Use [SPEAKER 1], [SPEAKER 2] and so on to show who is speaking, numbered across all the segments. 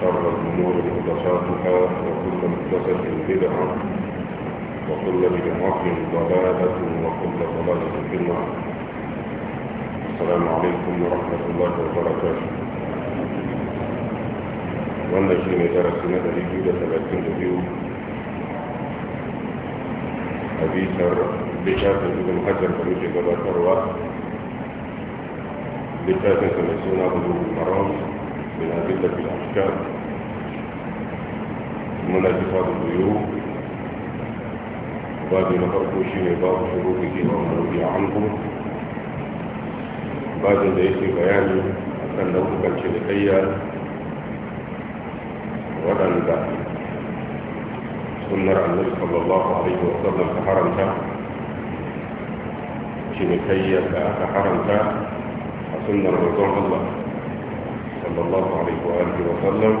[SPEAKER 1] شر الأمور مدساتها وكل مدسة بدعة وكل بجمعات ضلالة وكل ضلالة في النار السلام عليكم ورحمة الله وبركاته وانا شيء مدرس ندى لي جودة ثلاثين جديو أبيتر بشاكة جودة مهجر فريق جبار فروات بشاكة سمسونا بدون المرام من أدلة الأحكام من أدفاع الضيوب بعد ما تركوا شيء بعض شروط الدين عنه عنكم بعد ما يأتي بياني أن لو كان شيء ولا نبع سنة عن النبي صلى الله عليه وسلم كحرمتا شيء خير كأخ حرمتا سنة رضوان الله sallallahu alaihi wa alihi wa sallam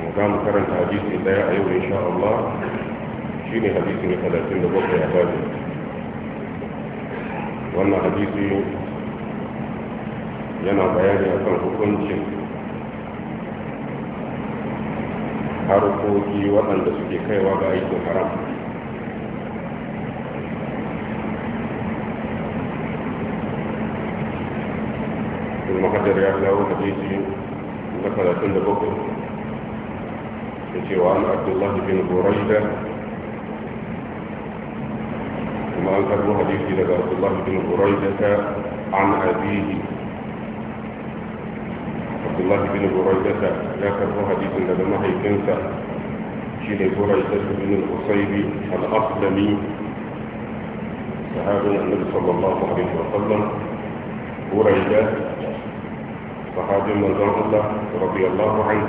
[SPEAKER 1] mu ga mu karanta hadisi daya a yau insha Allah shine hadisi na 37 a babu wannan hadisi yana bayani akan hukuncin harkoki waɗanda suke kaiwa ga aikin haram ibn hajar ya kawo hadisi na talatin da bakwai da cewa an abdullahi bin buraida kuma an karbo hadisi daga abdullahi bin buraida ta an abihi abdullahi bin buraida ta ya karbo hadisin daga mahaifinsa shi ne buraida bin al-husaybi al-aslami sahabin annabi sallallahu alaihi wa sallam buraida صحابي من الله رضي الله عنه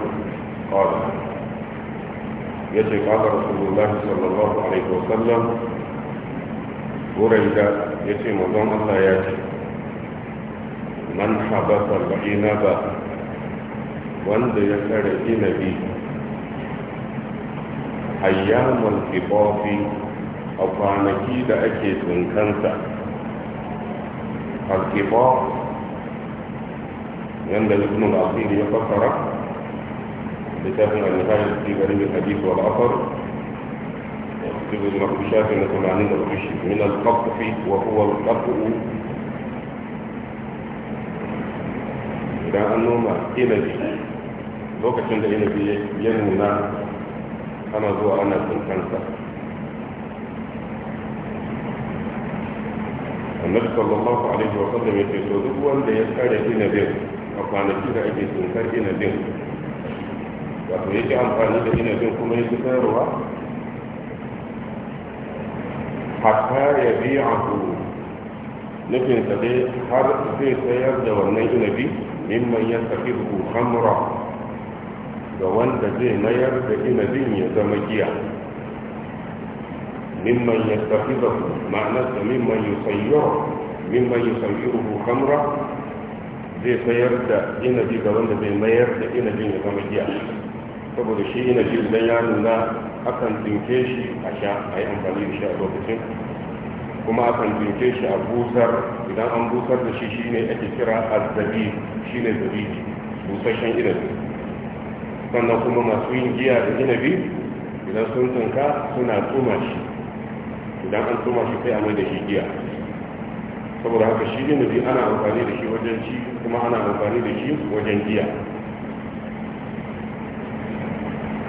[SPEAKER 1] قال يجي قال رسول الله صلى الله عليه وسلم بريدة يجي مظلم الله يجي من حبس العنب وند يسر النبي أيام الإضاف أو فانكيد أكيد من كنسة الإضاف ينبغي ابن الأخير يفكر كتاب النهاية في غريب الحديث والأثر يكتب المخشاة من ثمانين الغش من القطف وهو القطع إلى أنه ما إنبي لوكشن ده إنبي ينونا أنا ذو أنا سنكنسا النبي صلى الله عليه وسلم يقول هو أن يسأل إنبيه a kwanaki da ake tunkar inabin wato yake amfani da inabin kuma yake sayarwa hatta ya biya ku nufinsa dai har zai sayar da wannan inabi mimman ya tafi hamra ga wanda zai mayar da inabin ya zama giya mimman ya tafi ma'anar da ma'anarsa mimman yi sayyar mimman yi sayyar hamra zai sayar da inabi ga wanda bai mayar da inabin ya zama giya saboda shi inabi idan ya nuna akan tsinke shi a sha a yi amfani da shi a lokacin kuma akan tsinke shi a busar idan an busar da shi shine ake kira shi shine zabi busashen inabi sannan kuma masu yin giya da inabi idan sun tsinka suna tsuma shi idan an tsuma shi sai a mai da shi giya saboda haka shi nabi ana amfani da shi wajen ci kuma ana amfani da shi wajen giya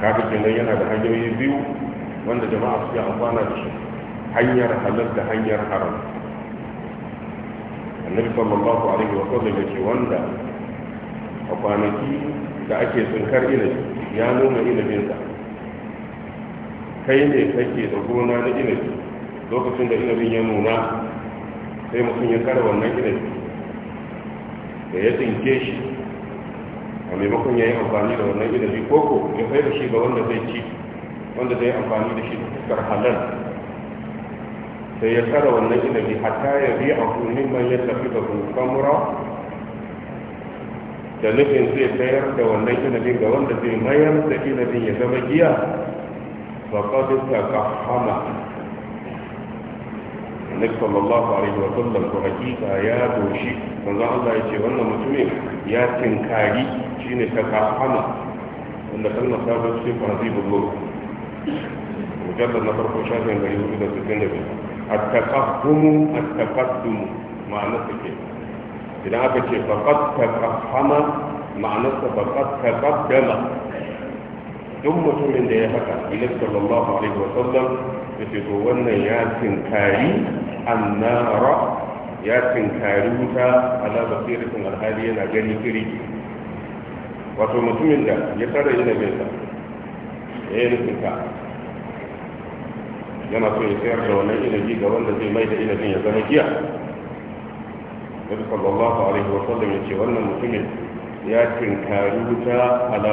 [SPEAKER 1] kafin kenan yana da hanyoyi biyu wanda jama'a suke amfana da shi hanyar halal da hanyar haram annabi sallallahu alaihi wa sallam yace wanda a kwanaki da ake sunkar inabi ya nuna sa kai ne kake da gona na inabi lokacin da inabin ya nuna sai mutum ya kara wannan inabi da ya tsinke shi a maimakon ya yi amfani da wannan inabi koko ya kai da shi ga wanda zai ci wanda zai amfani da shi da halal sai ya kara wannan inabi hatta ya bi a kunin man ya tafi da kamura da nufin zai sayar da wannan inabin ga wanda zai mayar da inabin ya zama giya ba kwadin ta ka hama annabi sallallahu alaihi wa sallam to hakika ya doshi manzo Allah wannan mutumin ya tinkari shine wanda na farko shafin da da idan aka ce faƙat takafama duk mutumin da ya haka ilai sallallahu alaihi wa sallam yace to wannan ya tinkari annara ya tinkari wuta ala basiratin alhali yana gani kiri wato mutumin da ya tara yana bai ya yi nufin yana so ya sayar da wannan inabi ga wanda zai mai da inabin ya zama giya Nabi sallallahu alaihi wa sallam ya ce wannan mutumin ya tinkari wuta ala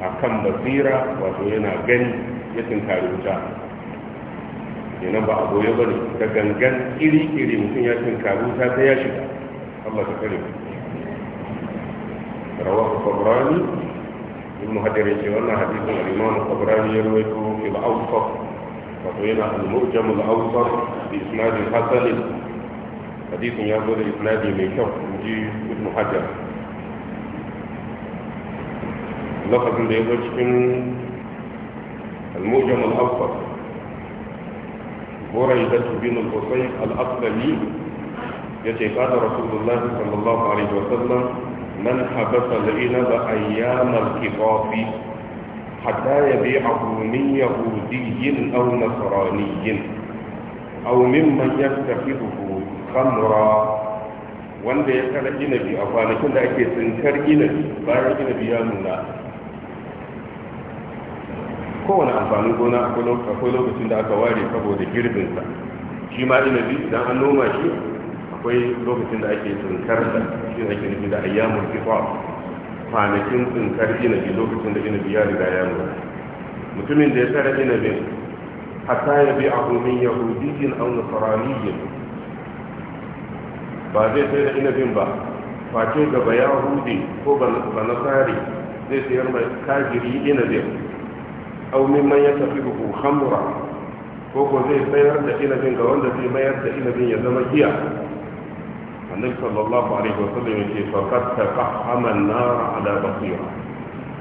[SPEAKER 1] A kan basira wato yana gani ya tunkari wuta kenan ba a goye ba ne da gangan iri-iri mutum ya tunkari wuta ta ya shiga Allah ta kare rawahu qabrani ibn hajar yace wannan hadisin al-imam qabrani ya rawaito fil awsat wato yana al-murjam al-awsat bi isnad hasan hadisin ya zo da isnadi mai kyau inji ibn hajar lafazin da ya zo cikin الموجم الأكبر بريدة بن الحصين الأقدمي يتي قال رسول الله صلى الله عليه وسلم من حبس العنب أيام الكفاف حتى يبيعه من يهودي أو نصراني أو ممن يتخذه خمرا wanda ya kala inabi a kwanakin da ake tsinkar inabi bayan inabi ya nuna kowane amfanin gona akwai lokacin da aka ware saboda girbinsa shi ma inabi idan an noma shi akwai lokacin da ake tsinkarsa shi ake nufi da ayyamun fifa kwanakin tsinkar inabi lokacin da inabi ya riga ya nuna mutumin da ya tara inabin hatta ya bi abu min an aw ba zai sai da inabin ba face gaba yahudi ko ba nasari zai sayar mai kajiri inabin أو مما يتخذه خمرا فوق زي سيرة يرد إلى بين قوان ذلك ما يرد إلى بين يزم النبي صلى الله عليه وسلم يقول فقد تقحم النار على بصيرة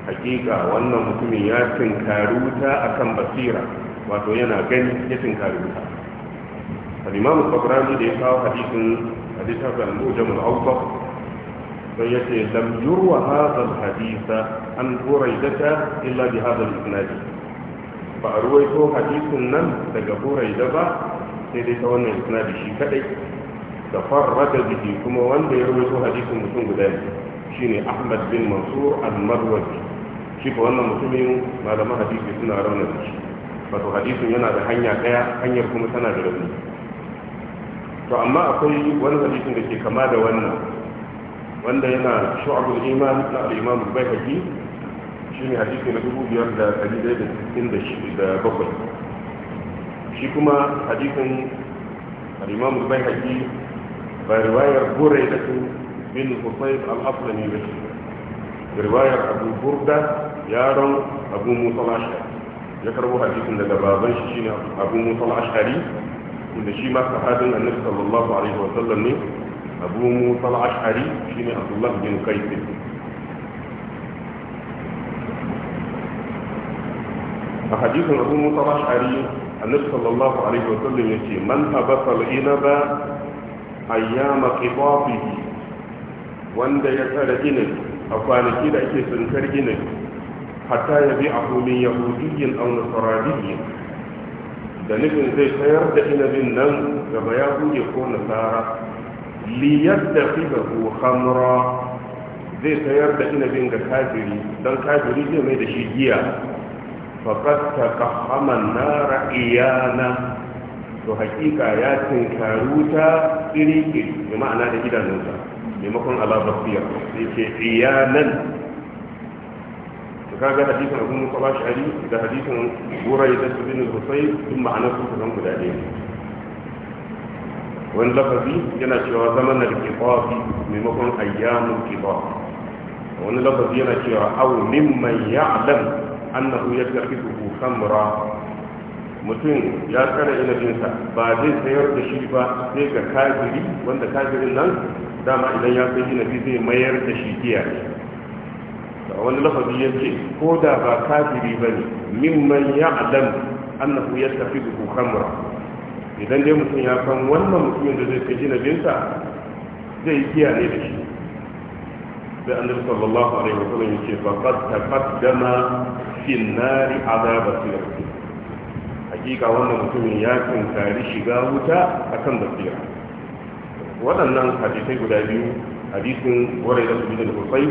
[SPEAKER 1] حقيقة وأن مكميات كاروتا أكم بصيرة وأتوينها كن يتن كاروتا فالإمام الطبراني ليسا حديث حديث هذا المؤجم الأوسط فيأتي لم يروى هذا الحديث عن بريدة إلا بهذا الإسناد ba a ruwaito hadisin nan daga burai da ba sai dai ta wannan da shi kadai da da jiki kuma wanda ya ruwaito hadisin mutum guda ne ne Ahmad bin Mansur al-Marwazi shi ko wannan mutumin malaman hadisi suna da shi wato hadisin yana da hanya daya hanyar kuma tana da rauni to amma akwai wani hadisin da ke kama da wannan wanda yana shu'abul iman na al-Imam al-Baihaqi shine hadisi na dubu biyar da ɗari ɗaya da sittin da bakwai shi kuma hadisin al-imam al-bayhaqi ba riwayar buraida bin husayb al-aslami ba ce riwayar abu burda yaron abu musa al-ashari ya karbo hadisin daga baban shi shi ne abu musa al-ashari wanda shi ma sahabin annabi sallallahu alaihi wa sallam ne abu musa al-ashari shine Abdullahi bin qais a hadisin abu musa ash'ari annabi sallallahu alaihi wasallam ce, man habasa al-inaba ayyama qidatihi wanda ya tsara inabi a kwanaki da ake tsinkar inabi hatta ya bi a min yahudiyyin aw nasraniyyin da nufin zai sayar da inabin nan ga bayahudi ko nasara liyar da fi da khamra zai sayar da inabin ga kafiri don kafiri zai mai da shi giya فقد تقحم النار إيانا وحقيقة ياتن كاروتا إليك بمعنى إلى نوتا بمقرن على بطير يقول إيانا وكان هذا حديث أبو مصلاة شعري هذا حديث أبو ريدة بن الحصير ثم عن سلطة نوم بدأين وإن لفظي ينا شوى زمن الكفاف بمقرن أيام الكفاف وإن لفظي ينا شوى أو ممن يعلم annahu yattakhidhu khamra mutum ya ina inabinsa ba zai sayar da shi ba sai ga kafiri wanda kafirin nan dama idan ya sai inabi zai mayar da shi giya ne wani lafazi ya ce ko da ba kafiri ba ne mimman ya adam annahu yattakhidhu khamra idan dai mutum ya san wannan mutumin da zai sai binta zai yi giya ne da shi sai annabi sallallahu alaihi wa sallam yake faqad taqaddama fin nari azaba sirri hakika wannan mutumin ya tunkari shiga wuta akan basira waɗannan hadisai guda biyu hadisin warai da su da kusai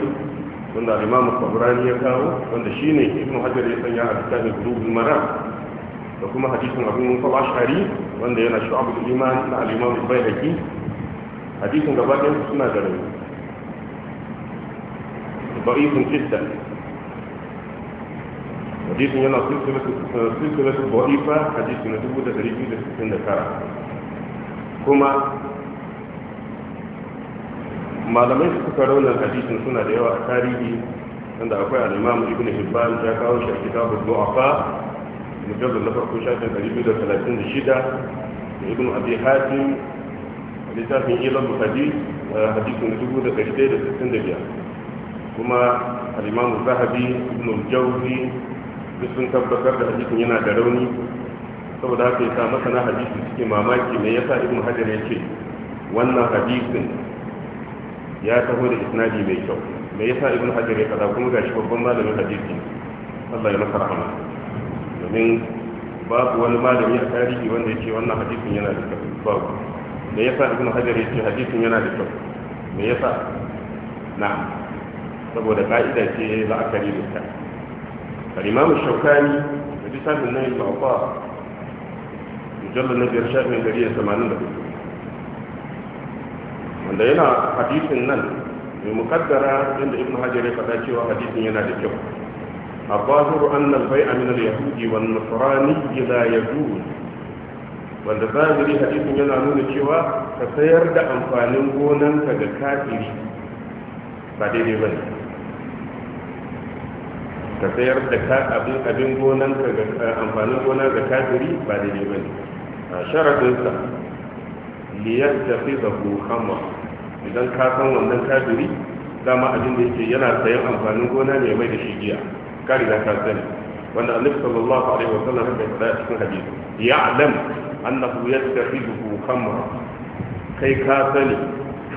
[SPEAKER 1] wanda imam tabrani ya kawo wanda shine ibn hajar ya sanya a cikin rubul maram da kuma hadisin abu musa ashari wanda yana shu'abul iman na al-imam al-bayhaqi hadisin gaba ɗaya suna da rauni ضعيف جدا حديث ينا سلسلة ضعيفة حديث ندبو ده دريبو ده سنة كارا كما ما لم يتكرون الحديث سنة ديوة تاريخي عند أقوى الإمام ابن حبان جاكاو شيخ كتاب الضعفاء مجرد نفر كوشات دريبو ده ثلاثين شدة ابن أبي حاتم لتاكن إلى الحديث حديث ندبو ده دريبو ده kuma al-imamu zahabi ibn al-jawzi duk sun tabbatar da hadisin yana da rauni saboda haka sa masana hadisi suke mamaki me yasa ibn hajar yake wannan hadisin ya taho da isnadi mai kyau me yasa ibn hajar ya kaza kuma gashi babban malamin hadisi Allah ya masa rahama domin babu wani malami a tarihi wanda yake wannan hadisin yana da kyau babu me yasa ibn hajar yake hadisin yana da kyau me yasa na'am saboda ka'ida ce ya yi la'akari da ta al'imamu shaukani da ji samun nan yi ma'afa mujallar na biyar shafin gari ya samanin da hudu wanda yana hadisin nan mai mukaddara inda ibn hajar ya faɗa cewa hadisin yana da kyau Abba الظاهر أن Yahudi, من اليهود gida ya يجوز wanda zahiri hadisin yana nuna cewa ka sayar da amfanin gonanka ga kafiri ba daidai ba ne ka sayar da abin abin gonan ka ga amfanin gona ga kafiri ba daidai ba ne a sa liyar tafi da hama idan ka san wannan kafiri dama abin da yake yana sayan amfanin gona ne mai da shi giya ka riga ka sani wanda annabi sallallahu alaihi wasallam haka ya faɗa cikin hadisi alam annahu yattakhidhu khamra kai ka sani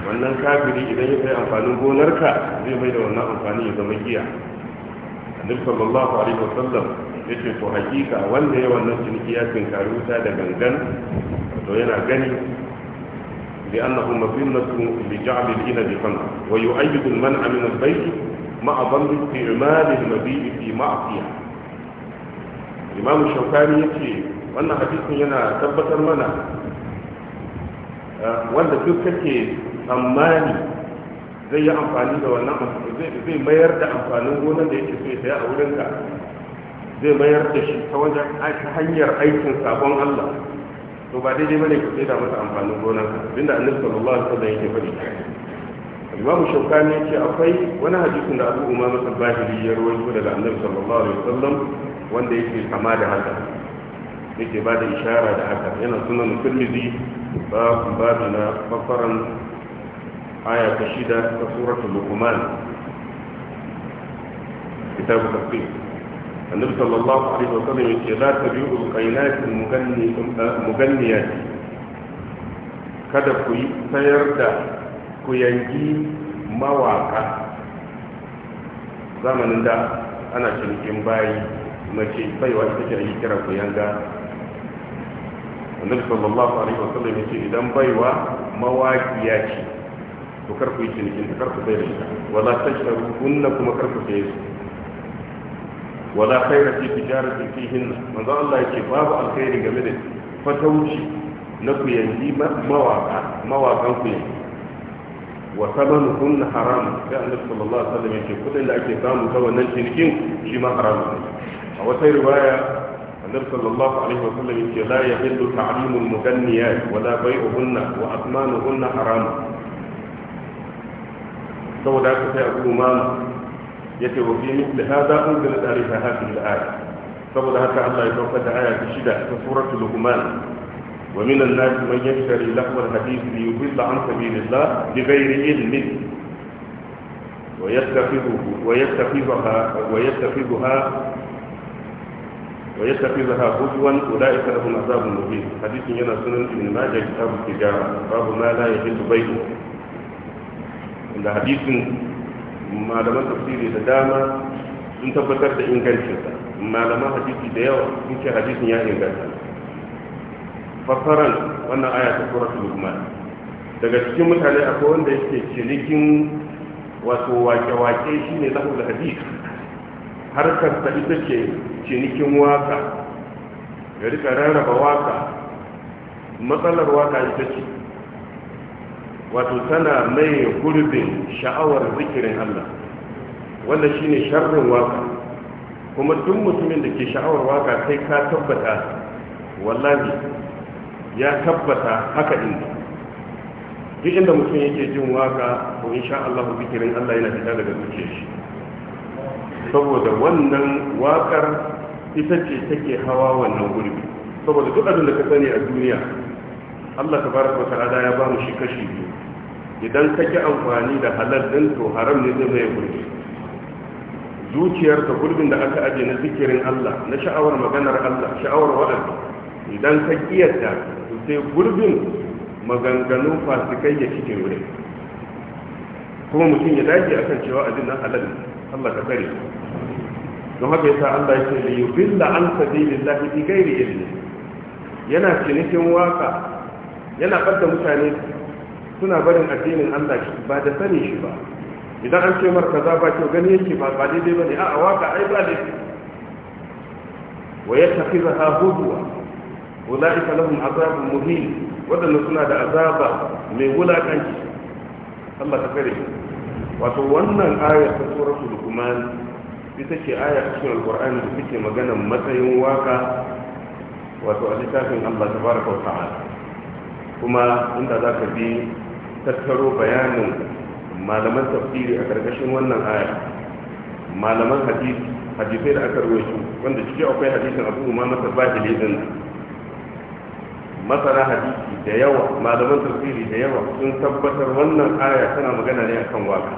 [SPEAKER 1] wannan kafiri idan ya sayi amfanin gonarka zai mai da wannan amfani ya zama giya annabi sallallahu alaihi wasallam ya ce to hakika wanda ya wannan ciniki ya tinkari wuta da gangan to yana gani لأنه مظنة لجعل الإنب خمرا ويؤيد المنع من ma مع ظن استعمال المبيع في معصية الإمام الشوكاني يقول wannan حديث yana tabbatar mana eh, wanda duk kake tsammani zai yi amfani da wannan zai mayar da amfanin gonar da yake so ya saya a wurinka zai mayar da shi ta wajen hanyar aikin sabon Allah to ba daidai bane ka sai da masa amfanin gonar ka abinda annabi sallallahu alaihi wasallam yake faɗi Imam shaukani yace akwai wani hadisin da Abu Umama al-Bahili ya rawaito daga annabi sallallahu alaihi wasallam wanda yake kama da haka yake ba da ishara da haka yana sunan Tirmidhi babu babu na fafaran aya ta shida ta suratul luqman kitabu tafsir annabi sallallahu alaihi wasallam yace la tabi'u al-qainat al-muganniyat kada ku yi sayar da ku yanki mawaka zamanin da ana cinikin bayi mace baiwa ita ce ake kira ku yanga annabi sallallahu alaihi wasallam yace idan baiwa mawaki ya ce to kar ku yi cinikin kar ku sai da ita wala tashtaru kunna kuma kar ku sai su wala khaira fi tijaratin fihin manzo Allah yake babu alkhairi game da fatauci na ku yanzu mawaka mawakan ku yanzu wa sabanu kunna haram sai annabi sallallahu alaihi wasallam yake kudin da ake samu ta wannan cinikin shi ma haram a wata riwaya annabi sallallahu alaihi wasallam yake la yahillu ta'limul muganniyat wala bai'uhunna wa asmanuhunna haram saboda haka sai abu umama ya ce wa fi misli hada an gina ta hafi da aya saboda haka allah ya sauka da aya ta shida ta suratul luqman wa na an-nas man yashtari lahwal hadith li yudilla an sabilillah bi ghairi ilmin wa yattakhidhu wa yattakhidha wa yattakhidha ويتخذها da اولئك لهم عذاب مهين yana ينا سنن ابن ماجه كتاب التجاره باب ما لا يحل بينه da hadisin malaman tafsiri da dama sun tabbatar da ingancinsa malaman hadisi da yawa sun ce hadisin ya inganta fasaran wannan aya ta suratul luqman daga cikin mutane akwai wanda yake cinikin wato wake-wake shine lahu da hadisi harkar ta ita ce cinikin waka ya rika rarraba waka matsalar waka ita ce wato tana mai gurbin sha'awar zikirin Allah wanda shine sharrin waka kuma duk mutumin da ke sha'awar waka sai ka tabbata wallahi ya tabbata haka inda duk inda mutum yake jin waka to insha Allah zikirin Allah yana fita daga zuciyar shi saboda wannan wakar ita ce take hawa wannan gurbi saboda duk abin da ka sani a duniya Allah tabaraka wa ta'ala ya ba mu shi kashi biyu idan ka ki amfani da halal din to haram ne zai mai gurbi zuciyarka gurbin da aka aje na zikirin Allah na sha'awar maganar Allah sha'awar wa'azi idan ka kiyarta to sai gurbin maganganu fasikai ya cike wuri. kuma mutum ya dace akan cewa abin nan halal Allah ka kare don haka yasa Allah ya ce li yubilla an sabilillahi bi ghairi ilmi yana cinikin waka yana fadda mutane suna barin addinin Allah ba da sani shi ba idan an ce marka za ba ce gani yake ba ba daidai ne a waka ai ba da wa ya yattakhidha wula ita lahum azabun muhimmi. waɗanda suna da azaba mai wulakanci Allah ta kare wato wannan ayar ta suratul luqman ita ce aya cikin alqur'ani da suke magana matsayin waka wato a littafin Allah ta fara kuma inda ka bi tattaro bayanin malaman tafsiri a karkashin wannan aya malaman hadisi hadisai da aka rubuta, wanda ciki akwai hadisin abu umama tabahili din Masara hadisi da yawa malaman tafsiri da yawa sun tabbatar wannan aya tana magana ne akan waka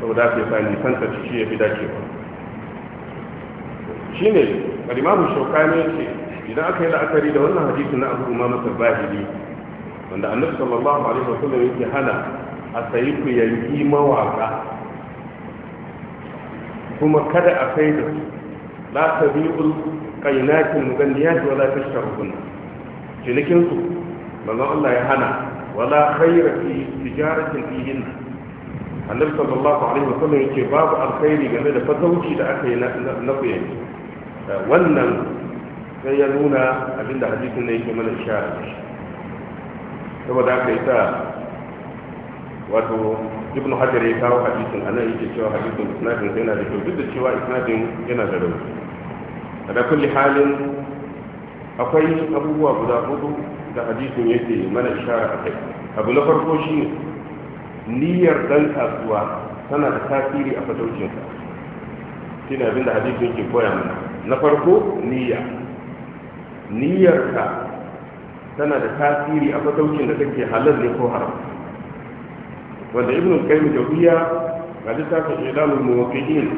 [SPEAKER 1] saboda ke sa nisan ta ciki ya fi dacewa shine al-imamu shaukani ce idan aka yi la'akari da wannan hadisin na abu umama tabahili wanda annabi sallallahu alaihi wasallam yake hana a sayi ku yanki mawaka kuma kada a sai da su la tabi'ul qainatin muganniyat wala tashrabun cinikin su manzon Allah ya hana wala khayra fi tijaratin fihin annabi sallallahu alaihi wasallam yake babu alkhairi game da fatauci da aka yi na kuyanki wannan sai ya nuna abinda hadisin ne yake mana ishara saboda yi ta wato ibn hajar ya kawo hadisin anan yake cewa hadisin isnadin yana da kyau duk da cewa isnadin yana da rauni da kulli halin akwai abubuwa guda hudu da hadisin yake mana ishara a kai abu na farko shi niyyar dan kasuwa tana da tasiri a shi ne abin da hadisin yake koya mana na farko niyya niyyarka tana da tasiri a fataucin da take halal ne ko haram wanda ibn al-qayyim jawziya ga littafin ilamul muwaqqi'in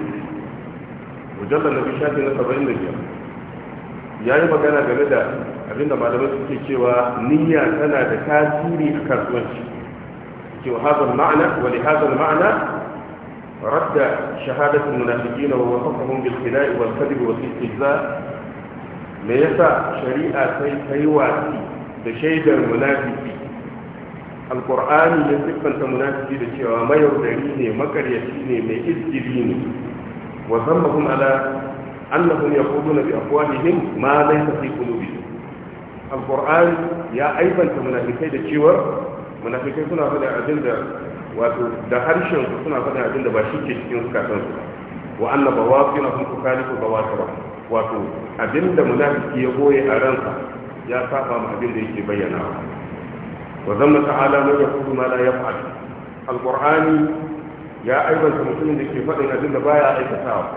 [SPEAKER 1] mujallal nabi shafi na 75 yayi magana game da abinda malamai suke cewa niyya tana da tasiri a kasuwanci cewa hadal ma'ana wa li hadal ma'ana رد شهادة المنافقين ووصفهم بالخناء والكذب والاستهزاء ليس شريعة سيواتي da shaidar munafiki alkur'ani ya siffanta munafiki da cewa mayaudari ne makaryaci ne mai izgiri ne wa mafi ala annahum yaquluna bi afwahihim ma laysa fi bi? alkur'ani ya aibanta munafikai da cewa munafikai suna faɗa abin da wato da harshen su suna faɗa abin da ba shi ke cikin zukatan su wa annaba wa kuma kun kukalifu ba wato abin da munafiki ya goye a ransa ya saba ma abin da yake bayyana wa zamma ta'ala man yaqulu ma la yaf'al alqur'ani ya aibanta mutumin da ke faɗin abin da baya aikatawa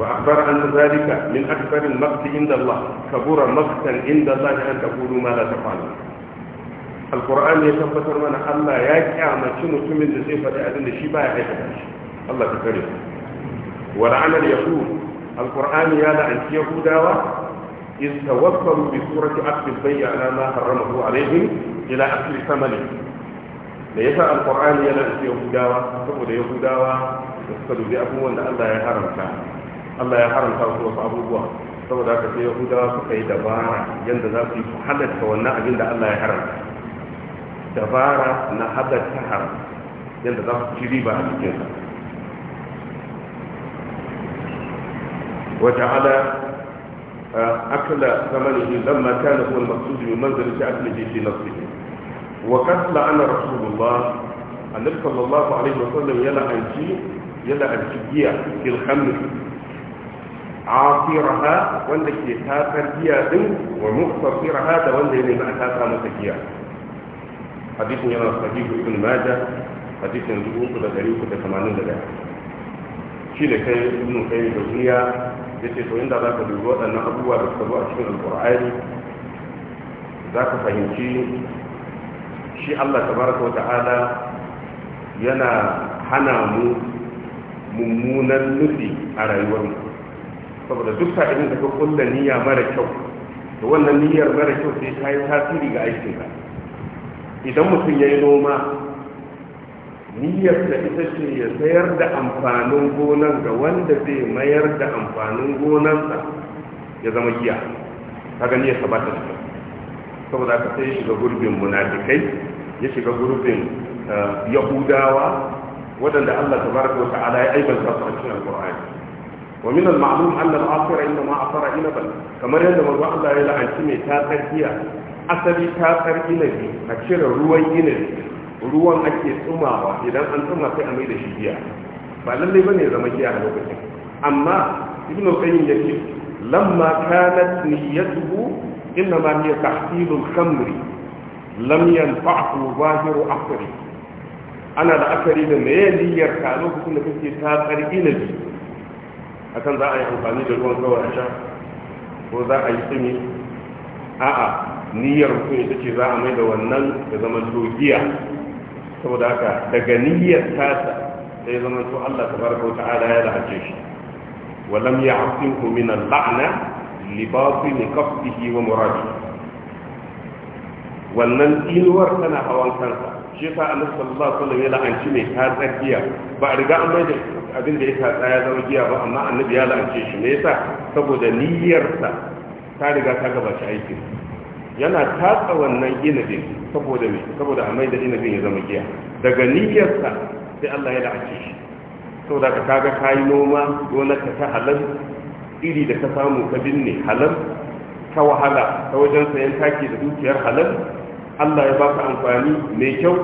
[SPEAKER 1] wa akhbara an zalika min akbar al-maqt inda Allah kabura maqtan inda Allah an taqulu ma la taf'al alqur'ani ya tabbatar mana Allah ya kyamaci mutumin da zai faɗi abin da shi baya aikata shi Allah ta kare wa la'ana al-yahud alqur'ani ya la'anci yahudawa إذ توفروا بصورة أكل البيع على ما حرمه عليهم إلى أكل ثمنه da القرآن alqur'ani yana da yahudawa saboda yahudawa da suka dubi abubuwan da Allah ya haramta Allah ya haramta wasu saboda haka sai yahudawa suka yi dabara yadda za su yi su halatta wannan abin da Allah ya haramta dabara na halatta haram yadda za su ci riba a أكل ثمنه لما كان هو المقصود من منزلة أكله في نفسه وقد لعن رسول الله النبي صلى الله عليه وسلم يلا أنجي يلا أنجي في الخمر عاصرها وانك يتاثر جيا دم ومقتصرها ده وانك يلي ما أتاثر مسكيا حديث يلا صحيح ابن ماجه حديث ينزل أنت لدريوك ده ثمانين لدريوك شيء لكي ابن كيم الدنيا ya ce to inda za ka dubi waɗannan abubuwa da suka zo a cikin alƙur'ani za ka fahimci shi allah tabaraka wa ta'ala yana hana mu mummunan nufi a rayuwarmu saboda duk sa'ilin da ka kulla niyya mara kyau da wannan niyyar mara kyau sai ta yi tasiri ga aikinka idan mutum ya yi noma niyyar da ita ce ya sayar da amfanin gonan ga wanda zai mayar da amfanin gonansa ya zama giya kaga niyyar ta bata shi saboda ka sai ya shiga gurbin munafikai ya shiga gurbin eh, yahudawa waɗanda Allah tabaraka wa ta'ala ya aibanta su a cikin alqur'ani wa min al-ma'lum anna al-akhira inna ma asara inaban kamar yadda manzo Allah ya la'anci mai ta tsarkiya asali ta tsarki ne a cire ruwan inabi ruwan ake tsumawa idan an tsuma sai a mai da shi giya ba lallai ba ya zama giya a lokacin amma ibnu qayyim yake lamma kanat niyyatuhu inna ma hiya tahsilul khamri lam yanfa'u zahiru akhri ana da akari da me niyyar ka lokacin da kake ta karbi na bi akan za a yi amfani da ruwan kawai a sha ko za a yi tsumi a'a niyyar ku ita ce za a mai da wannan ya zama saboda haka daga niyyar tasa sai zama to Allah tabaraka ta'ala ya lahace shi ya lam ku min al-la'na li batin qasdihi wa muradihi wannan tsinuwar tana hawan kansa shi yasa annabi sallallahu alaihi wasallam ya la'anci mai ta tsakiya ba a riga an bai da abin da ya tsaya ya zama giya ba amma annabi ya la'ance shi me yasa saboda niyyarsa ta riga ta gabata aikin yana tatsa wannan inabin saboda me saboda a mai da inabin ya zama giya daga niyyarsa sai Allah ya da'ace shi saboda ka kaga kayi noma gonar ka ta halal iri da ka samu ka binne halal ka wahala ta wajen sayan taki da dukiyar halal Allah ya baka amfani mai kyau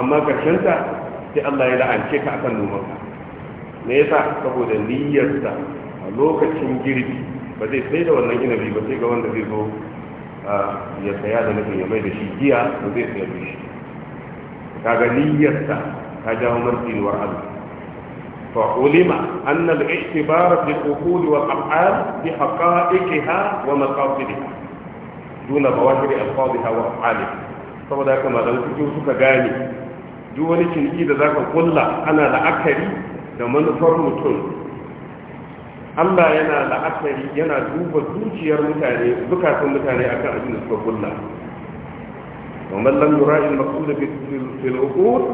[SPEAKER 1] amma ta sai Allah ya la'ance ka akan ka. me yasa saboda niyyarsa a lokacin girbi ba zai sai da wannan inabi ba sai ga wanda zai zo ya saya da nufin ya mai da shi jiya, da zai sayar da shi ta ga niyyarsa ta jawo martin wa ra'adu fa ulima anna al-ihtibar bi al-uqul wa al-af'al bi haqa'iqiha wa maqasidiha duna bawahiri al-qadiha wa al-alif saboda haka malamu kuke suka gani. duk wani cinki da zaka kulla ana da la'akari da manufar mutum Allah yana la'akari yana duba zuciyar mutane sun mutane akan abin da suka kulla wa man lam yura'i al da fi al-uqud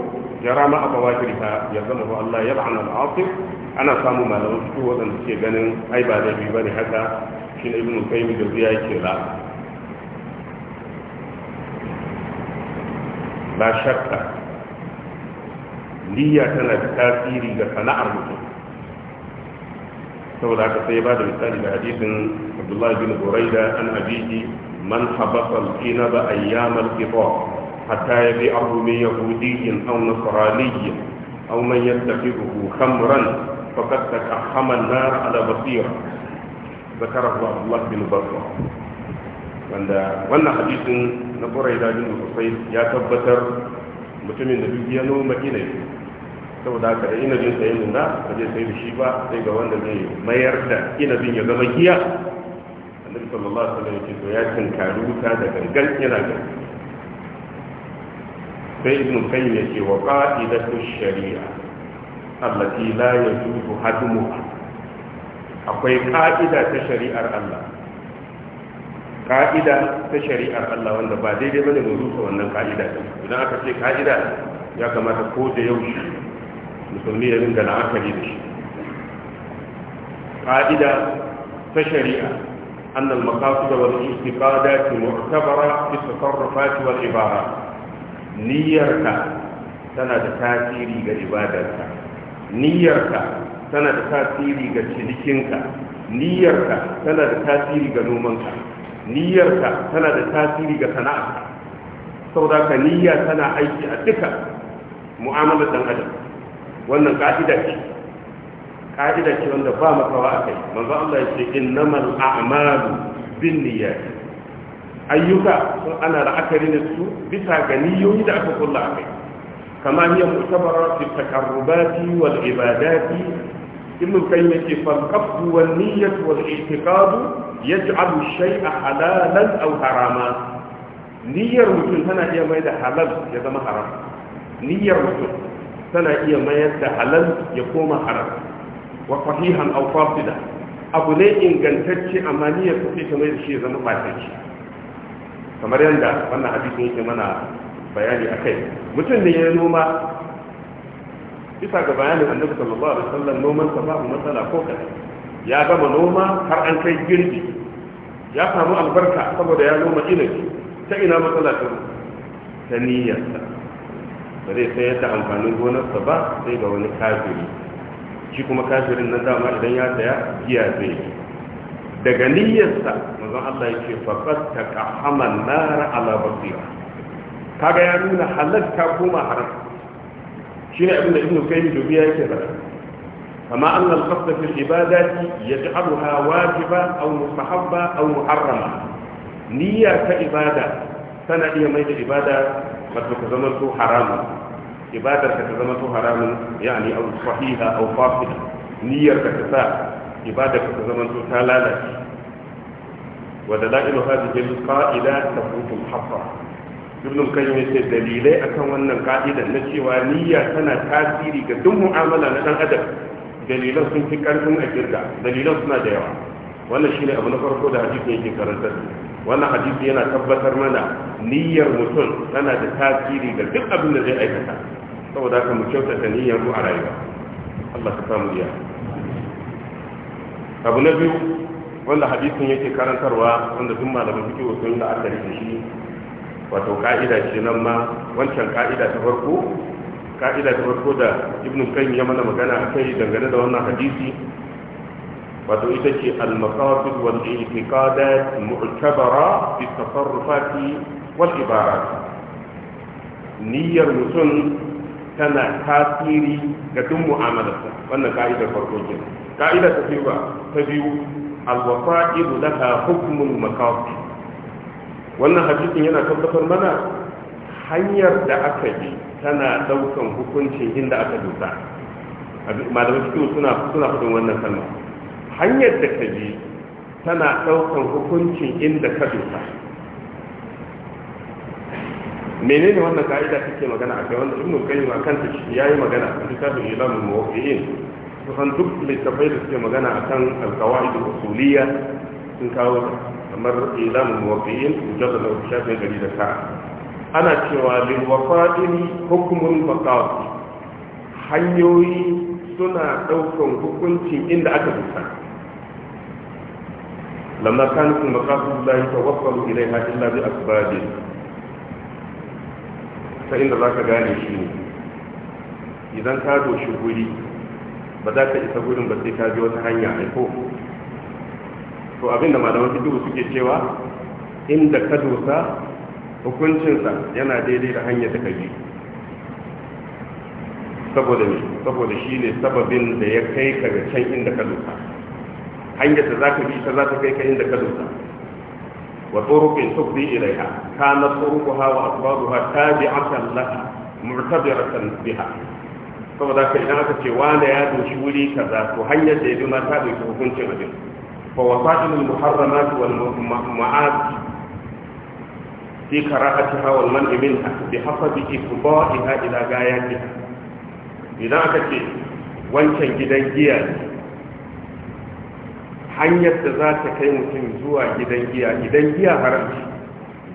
[SPEAKER 1] yara ma ya zama ba Allah ya la'ana al ana samu malaman su waɗanda ke ganin ai ba zai bane haka shine ibn qayyim da zai yake la Ba shakka niyya tana da tasiri ga sana'ar mutum saboda haka sai ya bada misali da hadisin Abdullah bin Buraida an abihi man habasa al-inaba ayyam al-qita hatta yabi'ahu min yahudiyyin aw nasraniyyin aw man yattakhidhu khamran faqad taqahhama an-nar ala basira ذكره عبد الله بن بكر wanda wannan hadisin na ƙurai da bin ya tabbatar mutumin da duk ya noma inabi saboda haka da inabin sayi nuna a je sai da shi ba sai ga wanda zai mayar da inabin ya zama giya annabi sallallahu alaihi wasallam yake to ya karu ta da gangan yana gani sai ibn qayyim yake wa qa'idatu shari'a allati la yajuzu hadmuha akwai ka'ida ta shari'ar Allah ka'ida ta shari'ar Allah wanda ba daidai bane mu rusa wannan ka'ida idan aka ce ka'ida ya kamata ko da yaushe musulmi ya na la'akari da shi ƙa'ida ta shari'a an al-maqasid wal istiqadat mu'tabara fi tasarrufat wal ibara niyyarka tana da tasiri ga ibadarka niyyarka tana da tasiri ga cinikinka niyyarka tana da tasiri ga nomanka niyyarka tana da tasiri ga sana'arka saboda ka niyya tana aiki a duka mu'amalar dan adam wannan ka'ida ce ka'ida ce wanda ba makawa a kai manzo Allah ya ce innamal a'malu binniyat ayyuka sun ana la'akari da su bisa ga niyoyi da aka kulla a kai kama hiya mu'tabara fi takarrubati wal ibadati ibn qayyim yake fa qasdu wan niyyat wal i'tiqad yaj'alu shay'a halalan aw harama niyyar mutum tana iya mai da halal ya zama haram niyyar mutum tana iya mayar da halal ya koma haram wa fahihan aw fasida abu ne ingantacce amma ni ya kace kamar mai da shi ya zama fasici kamar yadda wannan hadisi yake mana bayani akai mutum ne ya noma bisa ga bayanin annabi sallallahu alaihi wasallam noman sa ba matsala ko kada ya gama noma har an kai girbi ya samu albarka saboda ya noma inabi ta ina matsala ta ta niyyarsa ba zai sayar da amfanin gonarsa ba sai ga wani kafiri shi kuma kafirin nan dama idan ya saya giya zai yi daga niyyarsa mazan Allah ya ce babbar ta Haman, nara ala basira kaga ya nuna halatta ko ma haram shi ne abinda ibn kayyim dubiya yake faɗa amma an al-qasd fi al-ibadati yaj'aluha wajiba aw mustahabba aw muharrama Niyyar ta ibada tana iya mai da ibada wato ka zama to haramun ibadar ka ta zama to haramun yani au sahiha au fasida niyyar ka ta sa ibadar ka ta zama to ta lalace wa dalailu hadhihi alqa'ida tafutu al-hafa ibn al-qayyim yace dalilai akan wannan ka'idar na cewa niyya tana tasiri ga duk mu'amala na dan adam dalilan sun fi karfin a girga dalilan suna da yawa wannan shine abu na farko da hadisi yake karantar wannan hadisi yana tabbatar mana niyyar mutum tana da tasiri ga duk abin da zai aikata saboda haka mu kyautata niyyar mu a rayuwa Allah ka samu iya abu na biyu wanda hadisin yake karantarwa wanda duk malamin fiqh sun yin la'akari da shi wato ka'ida ce nan ma wancan ka'ida ta farko ka'ida ta farko da ibnu qayyim ya mana magana akai dangane da wannan hadisi wato ita ce al-maqasid wal i'tiqadat mu'tabara fi tasarrufati wal ibarat niyyar mutum tana tasiri ga duk mu'amalarsa wannan ka'idar farko ke ka'ida ta biyu ta biyu al-wasa'id laha hukmul maqasid wannan hadisin yana tabbatar mana hanyar da aka bi tana daukan hukuncin inda aka dosa malamai suna suna fadin wannan kalma hanyar da ka bi tana ɗaukan hukuncin inda ka dosa menene wannan ka'ida take magana a kai wanda ibnu qayyim a kanta shi yayi magana a littafin ilamul muwaqqi'in kusan duk littafai da suke magana akan al-qawaid al-usuliyya sun kawo kamar ilamul muwaqqi'in mujallad al-shafi gari da ka ana cewa lil wafa'ili hukmun maqasid hanyoyi suna ɗaukan hukuncin inda aka dosa lamma kanat maqasid la yatawassalu ilaiha illa bi asbabin ta inda zaka gane shi ne idan ka doshi guri ba za ka isa gurin ba sai ka bi wata hanya aiko to abinda malaman fikiru suke cewa inda ka dosa hukuncinsa yana daidai da hanyar da ka saboda shi ne sababin da ya kai ka ga can inda ka dosa hanyar da za ka bi ta za ta kai ka inda ka dosa wa turuqin tufdi ilaiha kana turuquha wa asbabuha tabi'atan laha mu'tabiratan biha saboda ka idan aka ce wanda ya doshi wuri kaza to hanyar da ya bi ma ta doki hukuncin abin fa wasailul muharramat wal ma'asi في كراهتها والمنع منها بحسب إفضائها إلى Idan aka ce wancan gidan giya hanyar da za ta kai mutum zuwa gidan giya Gidan giya haramci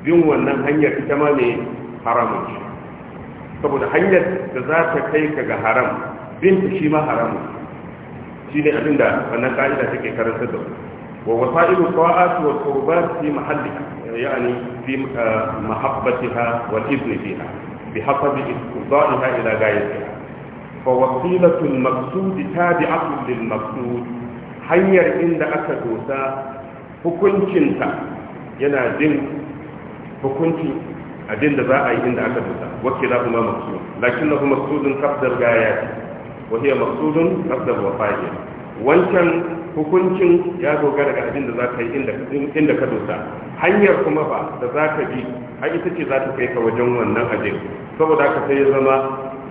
[SPEAKER 1] bin wannan hanyar ita ma ne haramun shi saboda hanyar da za ta kai ka ga haram bin ta shi ma haramun shi ne abin da wannan ka'ida take karanta da wa wasa'ilu ta'at wa qurbat fi mahalliha yani fi eh, mahabbatiha wa ibn fiha bi hasabi iqda'iha ila ghayatiha fa wasilatul maqsud tabi'atun lil maqsud hanyar inda aka dosa hukuncinta yana jin hukunci abin da za a yi inda aka dosa wakila kuma maksudun lakin na kuma maksudun kafdar gaya wahiyar maksudun kafdar wafajiyar wancan hukuncin ya dogara ga abin da za ka yi inda ka dosa hanyar kuma ba da za ka bi a ita ce za ta kai ka wajen wannan abin saboda ka sai zama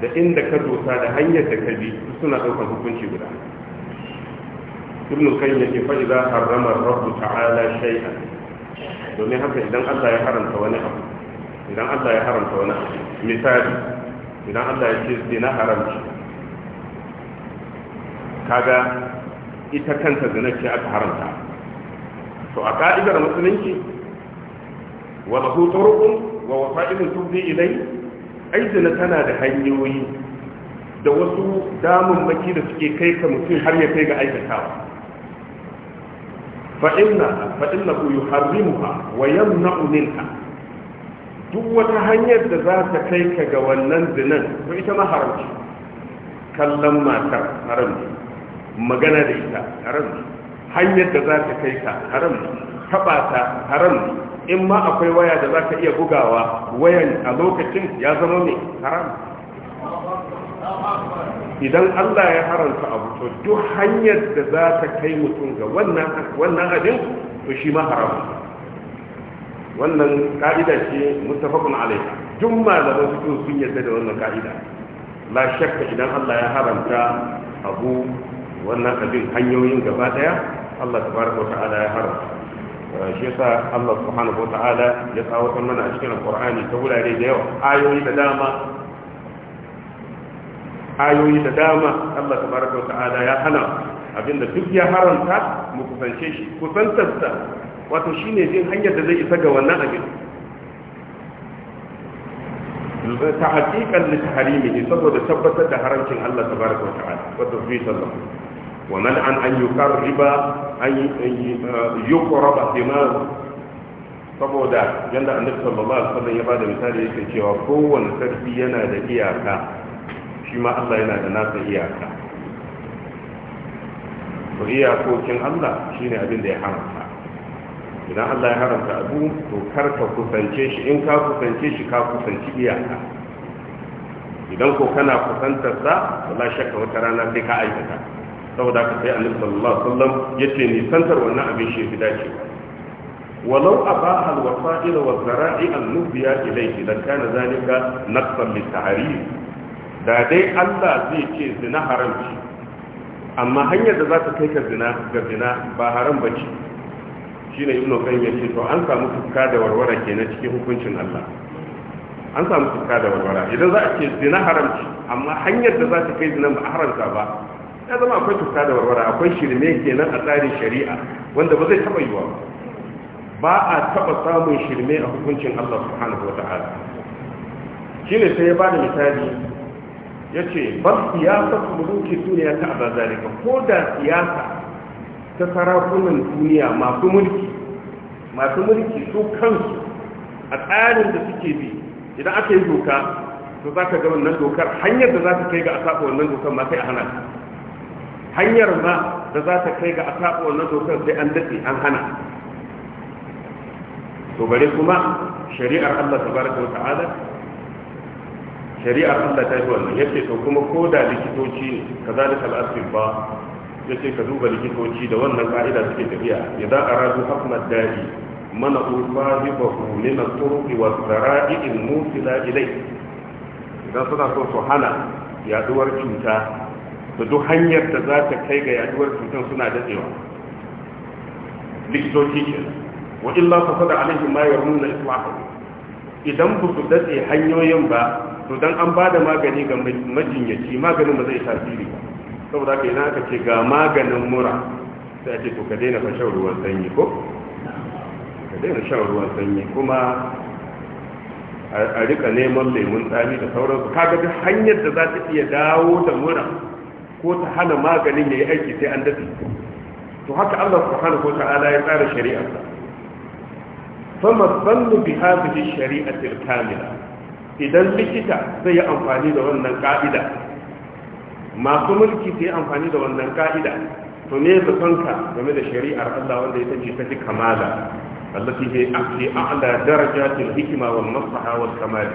[SPEAKER 1] da inda ka dosa da hanyar da ka bi suna ɗaukar hukunci guda ibn kayyim qayyim yake fa idza harrama rabbu ta'ala shay'an domin haka idan Allah ya haramta wani abu idan Allah ya haramta wani abu misali idan Allah ya ce zina haramci kaga ita kanta zina ce aka haramta to a ka'idar musulunci wa lahu turuqun wa wasa'ilun tubdi ilai ai zina tana da hanyoyi da wasu damun maki da suke kai ka mutum har ya kai ga aikatawa فإنها فإنه wa ويمنع منها duk wata hanyar da za ta kai ka ga wannan zinan to ita ma haramci kallon matar haramci magana da ita haramci hanyar da za ta kai ka haramci taɓa ta haramci in ma akwai waya da za ka iya bugawa wayan a lokacin ya zama mai haram idan Allah ya haranta abu to duk hanyar da za ta kai mutum ga wannan abin to shi ma haram wannan ka'ida ce mustafakun alaiha duk malaman su sun yadda da wannan ka'ida la shakka idan Allah ya haranta abu wannan abin hanyoyin gaba daya Allah tabaraka ta'ala ya haramta eh, shi yasa Allah subhanahu wa ta'ala ya kawo mana a cikin Al-Qur'ani ta wurare da yawa ayoyi da dama ayoyi da dama Allah tabaraka ta'ala ya hana abinda duk ya haramta mu kusance shi kusantarsa wato shine jin hanyar da zai isa ga wannan abin ta hakikan li ne saboda tabbatar da haramcin Allah tabaraka wa ta'ala wa tawfiqan lahu wa man an an yuqarriba an uh, yuqraba thimar saboda yanda annabi sallallahu alaihi wasallam ya da misali yake cewa kowanne sarki yana da iyaka shi ma Allah yana da nasa iyaka to iyakokin Allah ne abin da ya haramta idan Allah ya haramta abu to kar ka kusance shi in ka kusance shi ka kusanci iyaka idan ko kana kusantar sa wala shakka wata rana sai ka aikata saboda ka sai annabi sallallahu alaihi wasallam yace ni santar wannan abin shi fi dace walau abaha alwasa'il wa zara'i al-mubdiya ilayhi la kana da dai Allah zai ce zina haram ce amma hanyar da za ta kai ka zina ga zina ba haram ba ce shi ne ibn nufin ya ce to an samu fuska da warwara na cikin hukuncin Allah an samu fuska da warwara idan za a ce zina haram ce amma hanyar da za ta kai zina ba haramta ba ya zama akwai fuska da warwara akwai shirme ke nan a tsarin shari'a wanda ba zai taba yiwa ba a taba samun shirme a hukuncin Allah subhanahu Shi shine sai ya bada misali ya ce ban siyasa mulki duniya ta aza zalika ko da siyasa ta sarakunan duniya masu mulki masu mulki su kansu a tsarin da suke bi idan aka yi doka to za ka ga wannan dokar hanyar da za ta kai ga a saba wannan dokar ma sai a hana hanyar ma da za ta kai ga a saba wannan dokar sai an daɗe an hana to bare kuma shari'ar Allah baraka wa ta'ala shari'a Allah ta yi wannan yace to kuma ko da likitoci ne kazalika al-asibba yace ka duba likitoci da wannan ka'ida suke tafiya idan aradu hafnat dali mana ufahibahu min at-turuq wa dhara'i al mufila ilayhi idan suna so su hana yaduwar cuta da duk hanyar da za ta kai ga yaduwar cutar suna dadewa likitoci ke wa illa sada alaihim ma yarmuna islahahu idan ku su dade hanyoyin ba to dan an ba da magani ga majinyaci maganin ba zai tasiri ba saboda ka idan aka ce ga maganin mura sai a ce to ka daina fa shan ruwan sanyi ko ka daina shan ruwan sanyi kuma a rika neman lemun tsami da sauransu kaga duk hanyar da za ta iya dawo da mura ko ta hana maganin ya yi aiki sai an dace to haka Allah subhanahu ta'ala ya tsara shari'arsa fa masallu bi hadhihi shari'atil kamila idan likita zai yi amfani da wannan ka'ida masu mulki su yi amfani da wannan ka'ida to ne da sanka game da shari'ar Allah wanda ya tace tafi kamala allati hi aqli a'la darajatil hikma wal maslaha wal kamal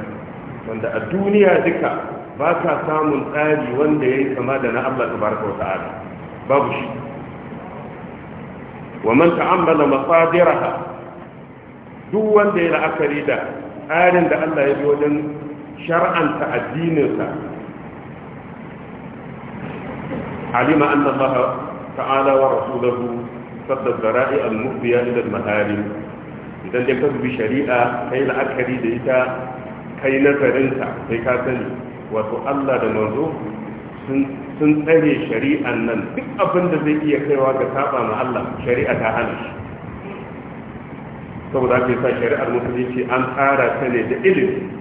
[SPEAKER 1] wanda a duniya duka ba ka samun tsari wanda yayi kama da na Allah tabaraka wa ta'ala babu shi wa man ta'ammala masabiraha duk wanda ya la'akari da tsarin da Allah ya bi wajen shar'anta addininsa alima anna Allah ta'ala wa rasuluhu sadda zara'i al-mufdiya ila al idan dai ka bi shari'a kai la'akari da ita kai nazarinta sai ka sani wato Allah da manzo sun tsare shari'an nan duk abin da zai iya kaiwa ga saba ma Allah shari'a ta hana shi saboda ake sa shari'ar musulunci an tsara ta ne da ilimi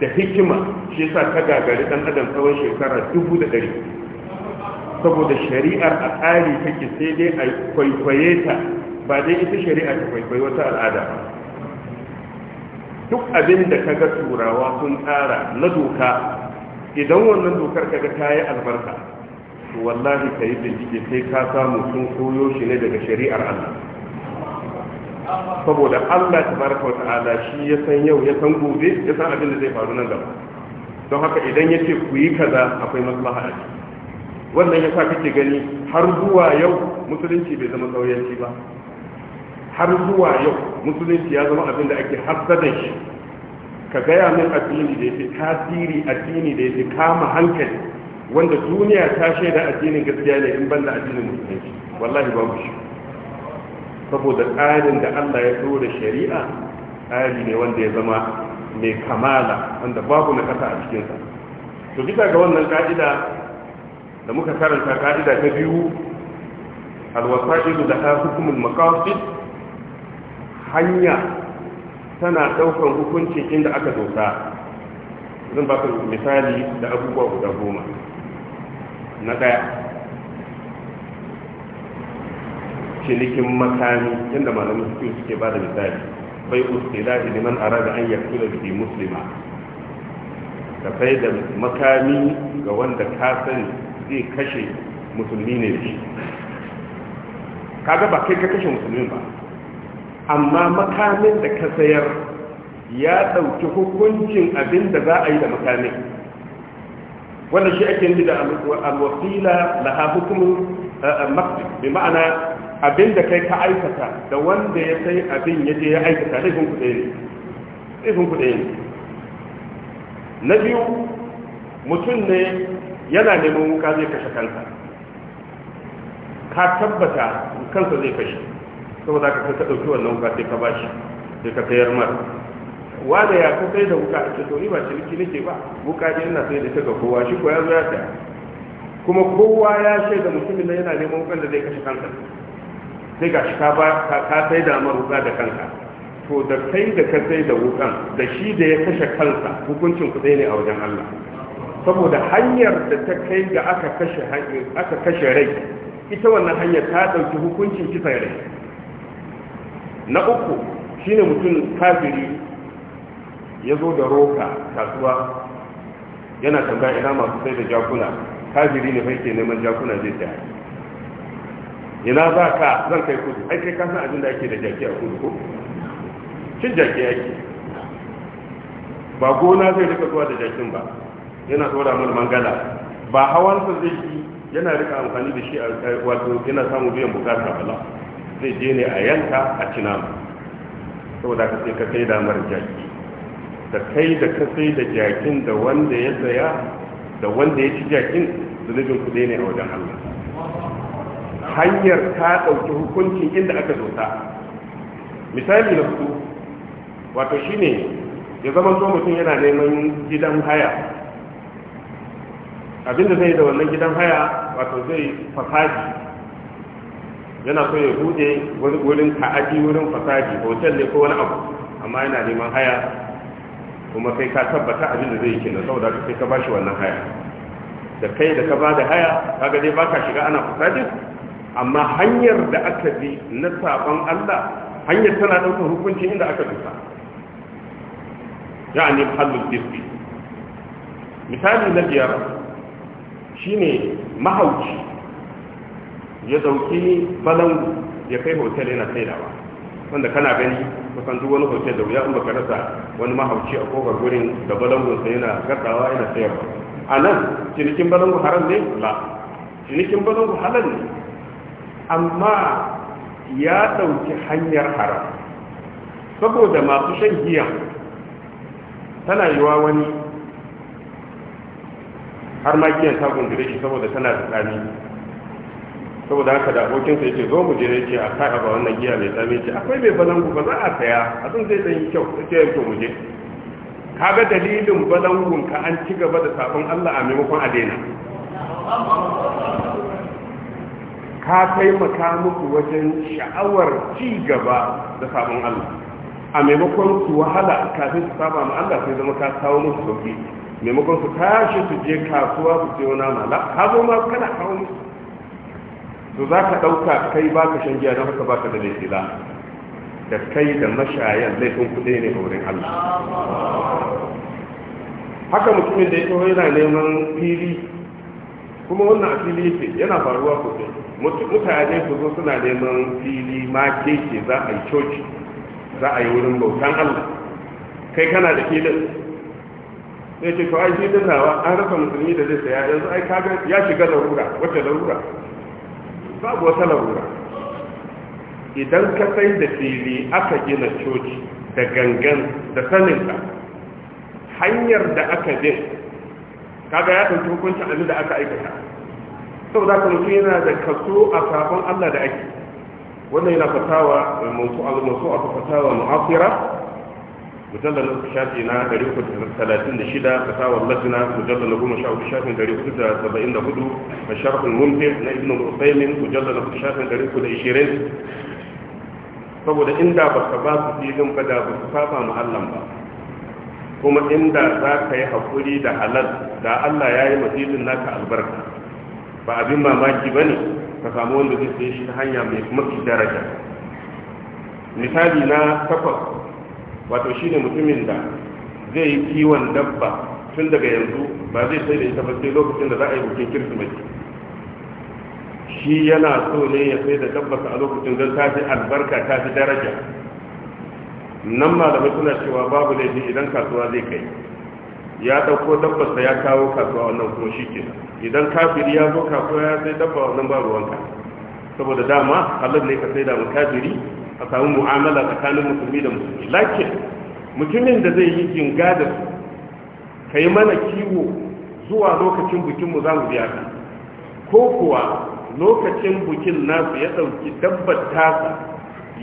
[SPEAKER 1] da hikima shi yasa ta gagari dan adam tsawon shekara dubu da dari. saboda shari'ar a tsari take sai dai a kwaikwaye ta ba dai ita shari'a ta kwaikwaye wata al'ada duk abin da kaga turawa sun tsara na doka idan wannan dokar kaga ta yi albarka to wallahi ka yi bincike sai ka samu sun koyo shi ne daga shari'ar Allah saboda Allah baraka wa ta'ala shi ya san yau ya san gobe ya san abin da zai faru nan gaba don haka idan ya ce ku yi kaza akwai maslaha a wannan ya sa kake gani har zuwa yau musulunci bai zama sauyanci ba har zuwa yau musulunci ya zama abin da ake hassadan shi ka gaya min addini da yake tasiri addini da yake kama hankali wanda duniya ta shaida addinin gaskiya ne in banda addinin musulunci wallahi babu shi saboda tsarin da Allah ya tsoro da shari'a tsari ne wanda ya zama mai kamala wanda babu na kasa a cikinsa to bisa ga wannan ka'ida da muka karanta ka'ida ta biyu alwasa'ilu da ta hukumin hanya tana ɗaukar hukuncin inda aka dosa zan ba misali da abubuwa guda goma na ɗaya cinikin makami inda malamin suke suke ba da misali bai ustilahi liman arada an yakula bihi muslima ka sai da makami ga wanda ka sani zai kashe musulmi ne da shi kaga ba kai ka kashe musulmin ba amma makamin da ka sayar ya ɗauki hukuncin abin da za a yi da makamin wanda shi ake nufi da alwasila laha hukumin eh, makti bi ma'ana abin da kai ka aikata da wanda ya sai abin ya je ya aikata laifin ku ɗaya ne laifin kuɗe ɗaya ne na biyu mutum ne yana neman wuka zai kashe kansa ka tabbata kansa zai kashe saboda ka ka ɗauki wannan wuka sai ka ba shi, sai ka sayar mara wanda ya ka sai da wuka a cikin ba shi ciniki nake ba wuka ne yana sai da ta ga kowa shi ko ya zo ya saya kuma kowa ya shaida mutumin da yana neman wukan da zai kashe kansa sai shi ka ba ka sai da maruka da kanka to da kai da ka sai da wukan da shi da ya kashe kansa hukuncin ku ne a wajen Allah saboda hanyar da ta kai ga aka kashe aka kashe rai ita wannan hanyar ta dauki hukuncin kisan rai na uku shine mutum kafiri ya zo da roka kasuwa yana tambaya ina masu sai da jakuna kafiri ne fa yake neman jakuna zai tsaya ina za ka zan kai kudu ai kai kasan abin da ake da jaki a kudu ko cin jaki yake ba gona zai rika zuwa da jakin ba yana tsora mana mangala ba hawansa zai yi yana rika amfani da shi a wato yana samun biyan bukata bala zai je ne a yanka a cina saboda ka sai ka kai damar jaki da kai da ka sai da jakin da wanda ya saya da wanda ya ci jakin zunubin kuɗi ne a wajen Allah hanyar ta ɗauki hukuncin inda aka zo ta, misali na hudu wato shine ya zama so mutum yana neman gidan haya abinda zai da wannan gidan haya wato zai fasadi yana so ya bude wurin ta'adi wurin fasadi hotel ne ko wani abu amma yana neman haya kuma kai ka tabbata abinda zai yi na saboda kai ka bashi wannan haya da kai da ka ba da haya kaga dai baka shiga ana fasadin amma hanyar da aka bi na saban Allah hanyar tana ɗaukar hukunci inda aka dusa ne halul jirgi. misali na biyar ne mahauci ya dauki balangu ya kai hotel yana saidawa wanda kana gani kusan duk wani hotel da wuya in karasa wani mahauci a kofar gurin da balangunsa yana gasawa yana sayarwa a nan cinikin balangu haram ne la cinikin balangu halal ne amma ya ɗauki hanyar haram saboda masu shan giya tana yiwa wani har ma giyan ta gundure shi saboda tana da tsami saboda haka da abokinsa ya ce zo mu jire ce a kai ba wannan giya mai tsami ce akwai mai balangu ba za a saya a sun zai ɗan yi kyau da ke to mu je kaga dalilin balangun ka an ci gaba da sabon Allah a maimakon a daina ka taimaka muku wajen sha'awar ci gaba da sabon Allah a maimakon su wahala kafin su saba ma Allah sai zama ka kawo musu sauki maimakon su tashi su je kasuwa su je nama amala ka zo ma kana kawo musu to za ka ɗauka kai ba ka shan giya don haka ba ka da laifi la da kai da mashayan laifin kuɗi ne a wurin Allah haka mutumin da ya taho yana neman fili kuma wannan a fili yana faruwa sosai mutane su zo suna neman fili ma keke za a yi coci za a yi wurin bautan allah kai kana da filin sai ce kawai da nawa an rasa musulmi da zai saya yanzu ai kaga ya shiga larura wacce larura babu wata larura idan ka sai da fili aka gina coci da gangan da saninka hanyar da aka bin kaga ya ɗauki hukuncin abin da aka aikata saboda haka mutum yana da kaso a sabon Allah da ake wannan yana fatawa mansu al-mansu a fatawa mu'asira mujallal na shafi na 336 fatawa lajna mujallal na 13 shafin 374 masharh al-mumti' na ibn al-usaymin mujallal na shafin 320 saboda inda baka ba su filin ba da ba su saba mu ba kuma inda za ka yi haƙuri da halal da Allah ya yi mafilin naka albarka ba abin mamaki ba ne ka samu wanda zai saye shi ta hanya mai mafi daraja misali na takwas wato shi ne mutumin da zai yi kiwon dabba tun daga yanzu ba zai sai da ita ba sai lokacin da za a yi bukin kirsimeti shi yana so ne ya sai da dabbasa a lokacin don ta fi albarka ta fi daraja nan malamai suna cewa babu laifi idan kasuwa zai kai ya dauko sa ya kawo kasuwa wannan kuma shi ke idan kafiri ya zo kasuwa ya sai dabba wannan ba ruwanka saboda dama halar ne ka sai da kafiri a samu mu'amala tsakanin musulmi da musulmi lakin mutumin da zai yi jinga da su ka yi mana kiwo zuwa lokacin bikinmu za mu biya ka ko kuwa lokacin bukin nasu ya ɗauki dabbar tasa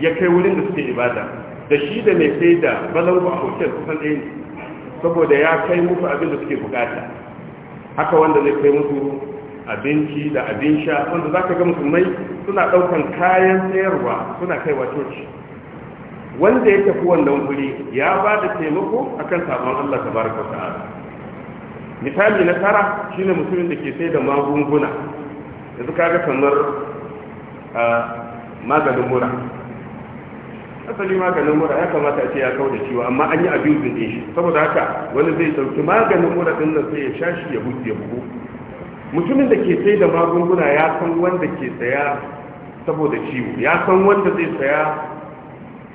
[SPEAKER 1] ya kai wurin da suke ibada da shi da mai sai da balangu a hotel kusan ɗaya ne saboda ya kai musu abin da suke bukata haka wanda zai kai musu abinci da abin sha wanda za ka ga musulmai suna ɗaukan kayan sayarwa suna kaiwa coci wanda ya tafi wannan wuri ya ba da taimako akan sabon Allah ta tabaraka ta'ala misali na tara shine mutumin da ke sai da magunguna yanzu kaga kamar ah, maganin mura asali maganin mura ya kamata a ce ya kau da ciwo amma an yi abin din shi saboda haka wani zai sauki. maganin mura din nan sai ya sha shi ya bugu ya mutumin da ke sai da magunguna ya san wanda ke saya saboda ciwo ya san wanda zai saya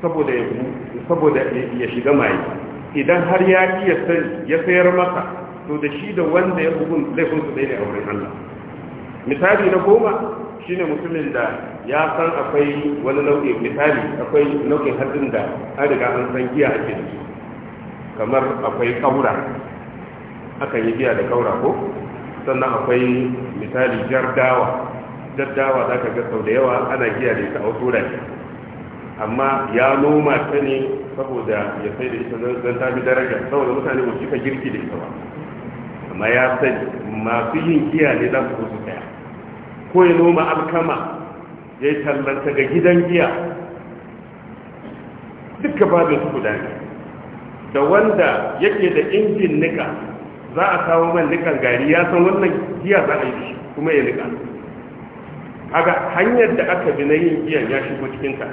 [SPEAKER 1] saboda ya saboda ya shiga maye idan har ya iya ya sayar masa to da shi da wanda ya bugun laifin su ne a wurin Allah misali na goma shine mutumin da ya san akwai wani nau'in misali akwai nau'in hatsin da an riga an san giya ke da kamar akwai kaura akan yi giya da kaura ko sannan akwai misali jardawa jardawa za ka ga sau da yawa ana giya da ita a wasu wurare amma ya noma ta ne saboda ya sai da ita zan ta bi daraja saboda mutane ba cika girki da ita ba amma ya sani masu yin giya ne za su zo su ko ya noma alkama ya yi tallanta ga gidan giya duka babin su guda ne da wanda yake da injin nika za a kawo man nikan gari ya san wannan giya za a yi shi kuma ya nika haka hanyar da aka bi na yin giyan ya shigo cikinta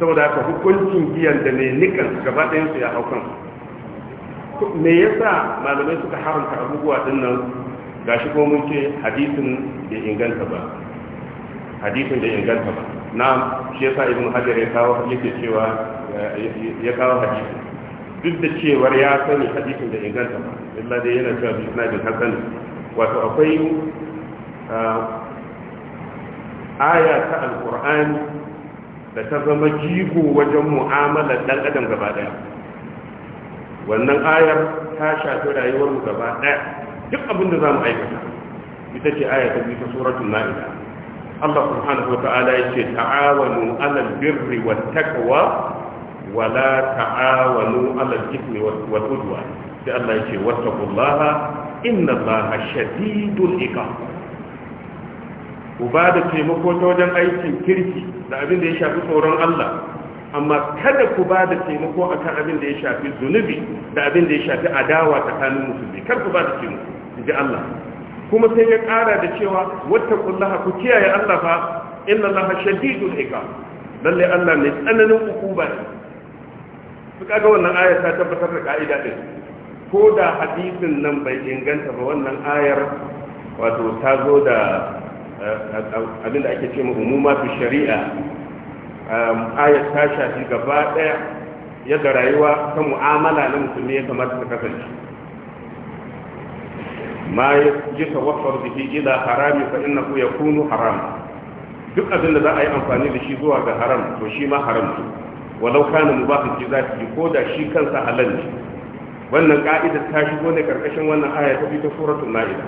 [SPEAKER 1] saboda haka hukuncin giyan da mai nikan gaba ɗayansu ya hau kan me sa malamai suka haramta abubuwa din nan shi ko mun ce hadisin bai inganta ba hadisin da inganta ba na shi yasa ibn hajar ya kawo yake cewa ya kawo hadisin duk da cewar ya sani hadisin da inganta ba illa dai yana cewa bi sanadin hasan wato akwai aya ta alqur'ani da ta zama jigo wajen mu'amalar dan adam gaba daya wannan ayar ta shafi rayuwar mu gaba daya duk abin da zamu aikata ita ce aya ta biyu ta suratul ma'idah Allah subhanahu wata'ala yace ta'awanu 'alal birri wat taqwa wa la ta'awanu 'alal ithmi wal udwan sai Allah yace wattaqullaha inna Allaha shadidul iqab ku da taimako ta wajen aikin kirki da abin da ya shafi tsoron Allah amma kada ku ba da taimako akan abin da ya shafi zunubi da abin da ya shafi adawa tsakanin musulmi kar ku ba da taimako ji Allah kuma sai ya ƙara da cewa wata kullaha ku kiyaye Allah fa inna Allah shadidul iqab lalle Allah ne tsananin hukuma ne su kaga wannan ayar ta tabbatar da ka'ida din ko da hadisin nan bai inganta ba wannan ayar wato ta zo da eh, abinda ake ce mu umuma fi shari'a um, ayar ta shafi gaba daya yadda rayuwa ta mu'amala na musulmi ya kamata ta kasance ma yatawaffar bihi ila harami fa innahu yakunu haram duk abin da za a yi amfani da shi zuwa ga haram to shi ma haram ne walau kana mubahun ji zaki ko da shi kansa halal ne wannan ka'ida ta shigo ne karkashin wannan aya ta fita suratul maida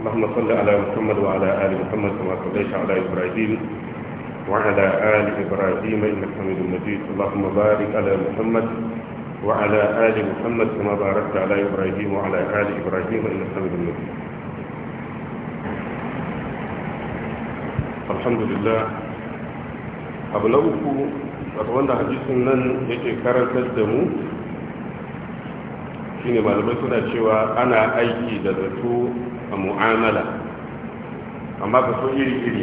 [SPEAKER 1] اللهم صل على محمد وعلى ال محمد كما صليت على ابراهيم وعلى ال ابراهيم انك حميد مجيد اللهم بارك على محمد وعلى آل محمد كما باركت على إبراهيم وعلى آل إبراهيم إنك حميد مجيد الحمد لله abu na uku wato wanda hadisin nan yake karantar da mu shine malamai suna cewa ana aiki da zato a mu'amala amma ba so iri-iri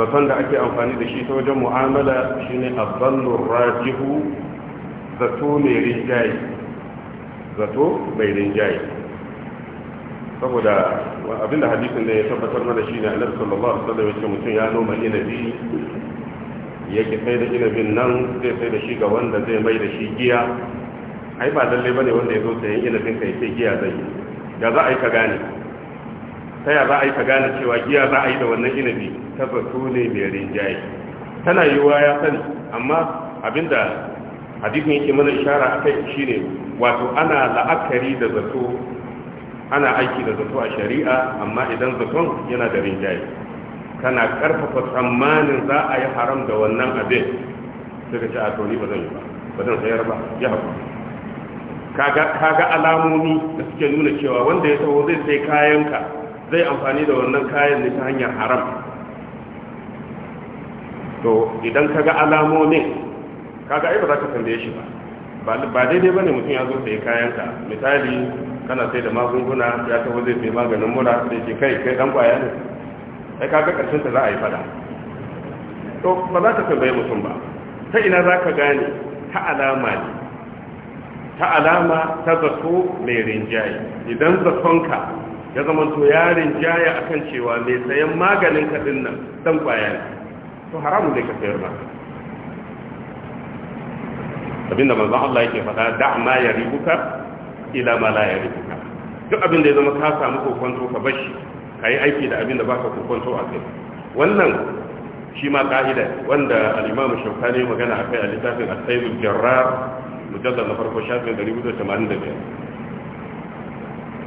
[SPEAKER 1] ne da ake amfani da shi ta wajen mu'amala shine abdallur rajihu zato mai rinjaye zato mai rinjaye saboda abinda hadisin da ya tabbatar mana shi ne annabi sallallahu alaihi wasallam yace mutum ya noma inabi yake sai da inabin nan zai sai da shi ga wanda zai mai da shi giya ai ba lalle bane wanda ya zo sayan inabin kai sai giya zai ga za a yi ka gane ta ya za a yi ka gane cewa giya za a yi da wannan inabi ta zato ne mai rinjaye tana yiwuwa ya sani amma abinda hadisin yake mana ishara akai shine wato ana la'akari da zato ana aiki da zato a shari'a amma idan zaton yana da rinjaye kana karfafa tsammanin za a yi haram da wannan abin sai ka ce a toni ba zan yi ba ba zan sayar ba ya haku kaga alamomi da suke nuna cewa wanda ya taho zai sai kayanka zai amfani da wannan kayan ne ta hanyar haram to idan kaga alamomin kaga ai ba za ka tambaye shi ba ba daidai bane mutum ya zo kayan ka. misali kana sai da magunguna ya ta wuce sai maganin mura sai ke kai kai dan kwaya ne ai kaga karshen ta za a yi fada to ba za ka tambaye mutum ba ta ina za ka gane ta alama ne ta alama ta zato mai rinjaye idan zatonka ya to ya rinjaye akan cewa mai sayan maganin ka dinnan dan kwaya ne to haramun da ka sayar ba abinda manzon Allah yake fada da ma ya ribuka ila ma la ya ribuka duk abin da ya zama ka samu kokonto ka bashi kayi aiki da abin da baka kokonto a kai wannan shi ma ka'ida wanda al-Imam Shawkani magana akai a littafin As-Sayyid Jarrar mujallal na farko shafin 285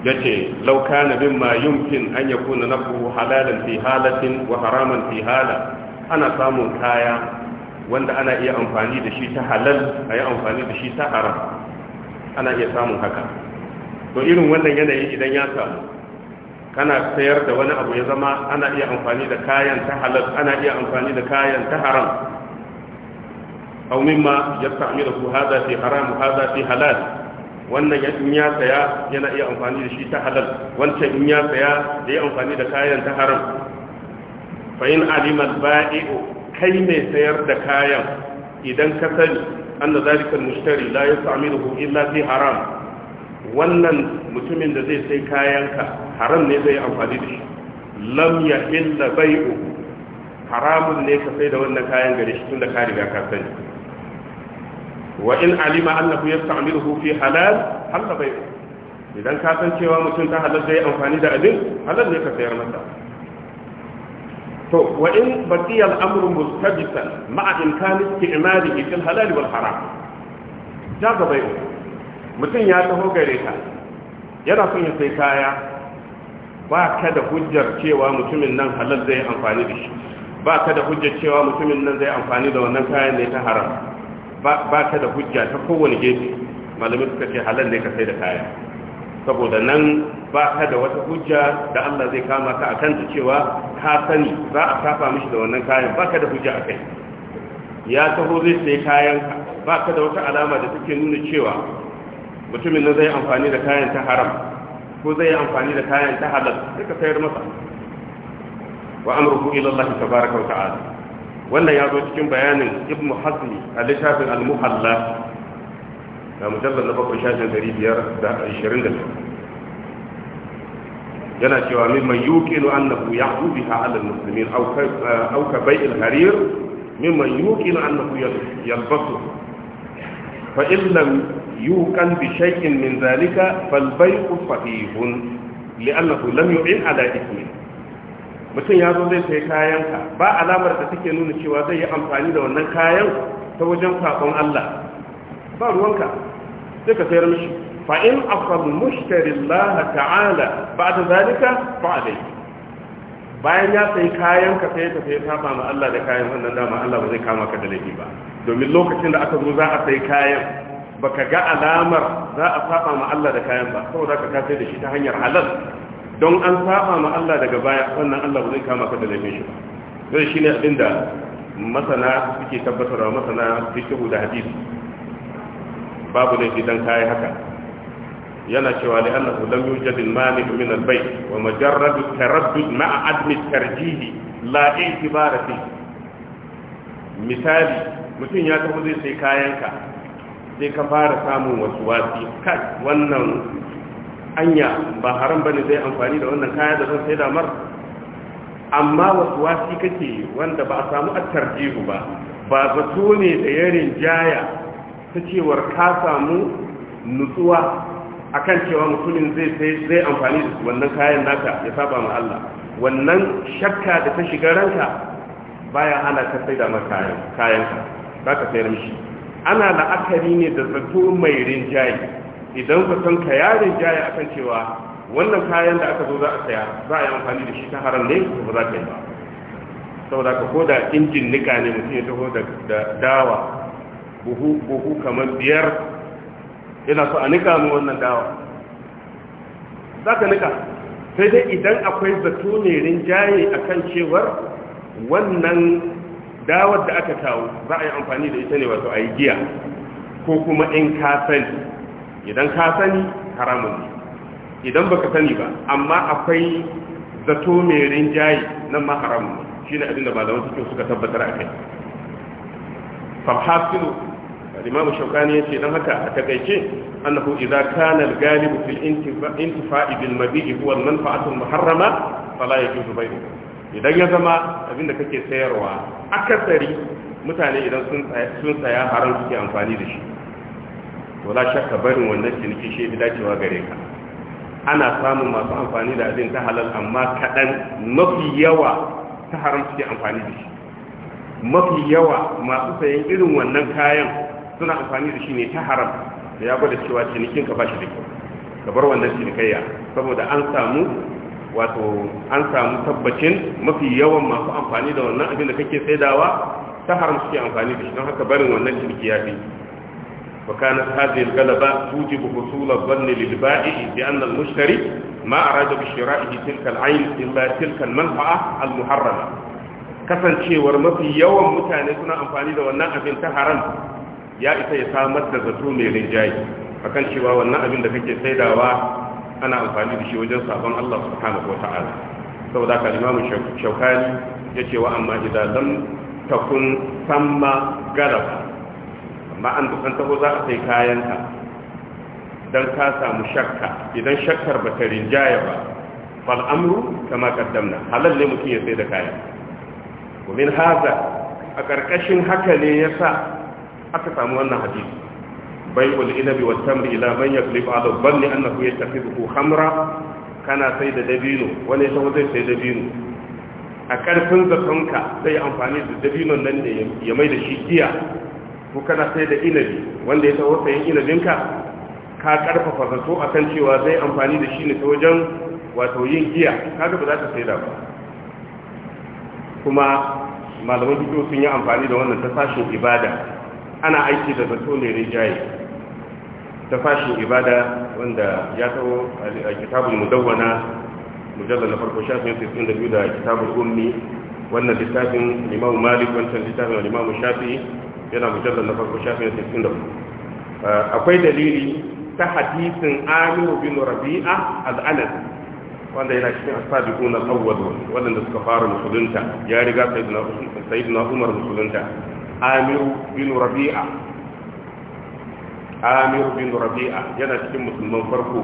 [SPEAKER 1] yace law kana bin yumkin an yakuna nafhu halalan fi halatin wa haraman fi hala ana samun kaya wanda ana iya amfani da shi ta halal a yi amfani da shi ta haram ana iya samun haka to irin wannan yanayi idan ya samu kana sayar da wani abu ya zama ana iya amfani da kayan ta halal ana iya amfani da kayan ta haram ma aw mimma yasta'milu hada fi haram hada fi halal wannan in ya saya yana iya amfani da shi ta halal wancan in ya saya da ya amfani da kayan ta haram fa in alima al-ba'i'u kai mai sayar da kayan idan ka sani anna zalika mushtari la yasamiluhu illa fi haram wannan mutumin da zai sai kayanka haram ne zai amfani da shi lam yahilla bai'u haramun ne ka sai da wannan kayan gare shi tunda ka riga ka sani wa in alima annahu yasta'miluhu fi halal halla bai'u idan ka san cewa mutum ta halal zai amfani da abin halal ne ka sayar masa to wa in baqiya al-amru mustabisan ma'a imkan isti'malihi fil halal wal haram ja yau, mutum ya taho gare ka yana son ya sai kaya ba ka da hujjar cewa mutumin nan halal zai amfani da shi ba ka da hujjar cewa mutumin nan zai amfani da wannan kayan ne ta haram ba ka da hujja ta kowane gefe malamin suka ce halal ne ka sai da kaya saboda nan ba ka da wata hujja da Allah zai kama ka akan ta cewa ka sani za a kafa mishi da wannan kayan ba ka da hujja akai ya taho zai sai kayan ba ka da wata alama da take nuna cewa mutumin nan zai amfani da kayan ta haram ko zai yi amfani da kayan ta halal sai ka sayar masa wa amruhu ila Allah tabaaraka wa ta'ala wannan ya zo cikin bayanin Ibn Hazmi a littafin Al-Muhalla na mujallar na bakwai shafin dari biyar da ashirin da yana cewa min man yuqinu annahu ya'u biha 'ala al-muslimin aw ka eh, aw ka bay' al-harir mimman yuqinu annahu yalbasu fa in lam yuqan bi shay'in min dhalika fal bay'u sahihun li'annahu lam yu'in 'ala ithmihi mutum ya zo zai sai kayanka ba alamar da take nuna cewa zai yi amfani da wannan kayan ta wajen sakon Allah ba ruwanka sai ka sayar mishi fa in asal mushtari Allah ta'ala ba'da zalika a alai bayan ya sai kayan ka sai ka sai saba ma Allah da kayan sannan dama Allah ba zai kama ka da laifi ba domin lokacin da aka zo za a sai kayan ba ka ga alamar za a saba ma Allah da kayan ba saboda ka kasai da shi ta hanyar halal don an saba ma Allah daga baya wannan Allah ba zai kama ka da laifin shi ba zai shine abinda masana suke tabbatarwa masana fiqh da hadisi babu laifi dan kayi haka yana cewa li annahu lam yujad al mani min al bayt wa majarrad taraddud ma'a admi tarjih la i'tibara fi misali mutum ya tafi zai sai kayanka sai ka fara samun wasu wasi kai wannan anya ba haram bane zai amfani da wannan kaya da zan sai da mar amma wasu wasi kake wanda ba a samu at tarjih ba ba zato ne da yarin jaya ta cewar ka samu nutsuwa a kan cewa mutumin zai sai zai amfani da wannan kayan naka ya saba ma Allah wannan shakka da ta shiga ranka baya ana ka sai da kayanka za ka sayar mishi ana la'akari ne da zato mai rinjaye idan ka san ka ya rinjaye akan cewa wannan kayan da aka zo za a saya za a yi amfani da shi ta haram ne ba za ka yi ba saboda ka koda injin nika ne mutum ya taho da dawa buhu buhu kamar biyar ina so a nika mu wannan dawa za ka nika sai dai idan akwai zato ne rinjaye a kan cewar wannan dawar da aka kawo za a yi amfani da ita ne wato a yi giya ko kuma in ka sani idan ka sani haramun ne idan baka sani ba amma akwai zato mai rinjaye nan ma haramun ne shi ne abinda malaman suke suka tabbatar a kai al-imam ya ce don haka a takeice annahu idza kana al-ghalib fil intifa'i bil mabi'i huwa al-manfa'atu al-muharrama fala yajuzu bay'uhu idan ya zama abinda kake sayarwa akasari mutane idan sun sun saya haram suke amfani da shi to la shakka barin wannan ciniki shi bi dacewa gare ka ana samun masu amfani da abin ta halal amma kaɗan mafi yawa ta haram suke amfani da shi mafi yawa masu sayan irin wannan kayan suna amfani da shi ne ta haram da ya gwada cewa cinikin ka bashi da kyau ka bar wannan cinikayya saboda an samu wato an samu tabbacin mafi yawan masu amfani da wannan abin da kake saidawa ta haram suke amfani da shi don haka barin wannan ciniki ya fi وكانت هذه الغلبة توجب حصول الظن للبائع بأن المشتري ما أراد بشرائه تلك العين إلا تلك المنفعة muharrama kasancewar mafi yawan mutane suna amfani da wannan abin ta haram. ya isa ya samar da zato mai rinjaye akan cewa wannan abin da kake saidawa ana amfani da shi wajen sabon Allah subhanahu wa ta'ala saboda ka imamu shaukani ya ce wa amma idan lam takun samma garaba amma an dukan taho za a sai kayanka dan ka samu shakka idan shakkar ba ta rinjaya ba fal amru kama kaddamna halal ne mutum ya sai da kayan ومن هذا a ƙarƙashin haka ne ya sa aka samu wannan hadisi wal inabi wat tamri ila man yaklif ala banni annahu yattakhidhu khamra kana sai da dabino wani ya zai sai dabino a karfin zakonka zai amfani da dabino nan ne ya mai da shi giya ko kana sai da inabi wanda ya taho sayan inabinka ka karfafa zato a kan cewa zai amfani da shi ne ta wajen wato yin giya kaga ba za ta sai da ba kuma malaman bidiyo sun yi amfani da wannan ta sashin ibada ana aiki da zato mai rijaye ta fashin ibada wanda ya tawo a kitabun mudawana mujallar na farko shafin 62 da biyu da kitabun ummi wannan littafin limamu malik wancan littafin limamu shafi yana mujallar na farko shafin biyu. Ah, akwai dalili ta hadisin Aminu bin rabi'a al'anas wanda yana cikin asabiquna awwal wadanda suka fara musulunta ya riga sayyidina umar musulunta amiru bin rabi'a amiru bin rabi'a yana cikin musulman farko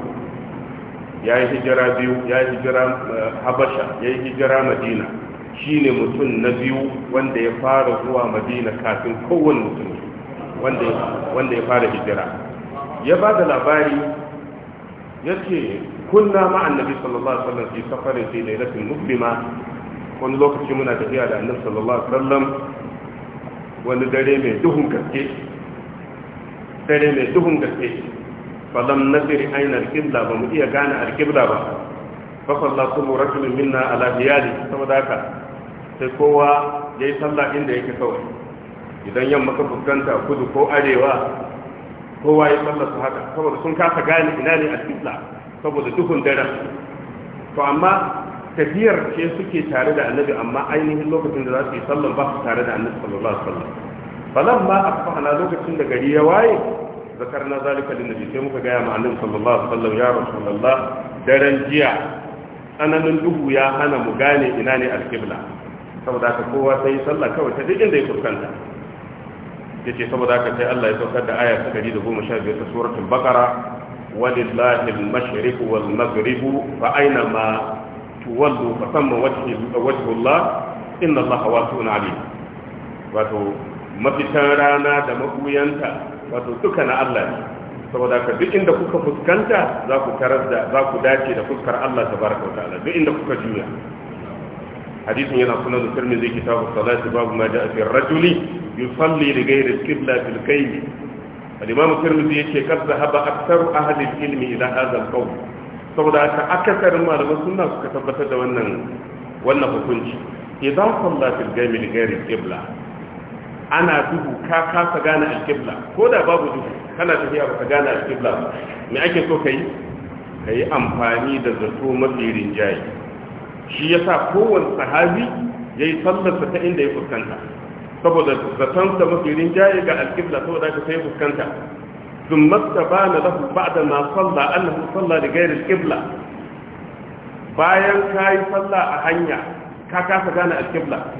[SPEAKER 1] ya yi hijira biyu ya yi hijira eh, habasha ya yi hijira madina shi ne mutum na biyu wanda ya fara zuwa madina kafin kowane mutum wanda ya fara hijira ya ba da labari ya ce kunna ma'an nabi sallallahu alaihi wasallam fi safarin fi lailatul muslima wani lokaci muna tafiya da annabi sallallahu alaihi wasallam wani dare mai duhun gaske dare mai duhun gaske falam nasiri aina alqibla ba mu iya gane alqibla ba fa salla kullu rajulin minna ala biyadi saboda haka sai kowa ya yi sallah inda yake kawai idan yamma ka fuskanta kudu ko arewa kowa ya sallar su haka saboda sun kasa gane ina ne alƙibla saboda duhun dare to amma tafiyar ce suke tare da annabi amma ainihin lokacin da za su yi sallan ba su tare da annabi sallallahu alaihi wasallam falan ma a asbahna lokacin da gari ya waye zakar zakarna zalika lin nabi sai muka gaya ma annabi sallallahu alaihi wasallam ya rasulullah daren jiya tsananin duhu ya hana mu gane ina ne alqibla saboda ka kowa sai yi sallah kawai ta duk inda ya fuskanta ce saboda haka sai Allah ya saukar da aya ta biyar ta suratul baqara walillahi al-mashriqu wal maghribu fa aina ma tuwallu fa tamma wajhu Allah inna Allah wasi'un alim wato mafitan rana da mabuyanta wato duka na Allah ne saboda ka duk inda kuka fuskanta za ku tarar da za ku dace da fuskar Allah tabaraka wa ta'ala duk inda kuka juya hadisin yana sunan da tirmidhi kitabu salati babu ma ja'a fi rajuli yusalli li ghayri qibla fil qaym al-imam tirmidhi yake kad zahaba aktsaru ahli al-ilmi ila hadha al-qawl saboda haka akasarin malaman sunna suka tabbatar da wannan wannan hukunci idan sallatul fil gamil gari qibla ana duhu ka kasa gane alqibla ko da babu duhu kana tafiya baka gane alqibla ba me ake so kai kai amfani da zato mafi rinjaye shi yasa kowanne sahabi yayi sallarsa ta inda ya fuskanta saboda zaton sa mafi rinjaye ga alqibla saboda ka sai fuskanta ثم استبان له بعد ما صلى أنه صلى لغير القبلة bayan ka yi sallah a hanya ka kasa gane alkibla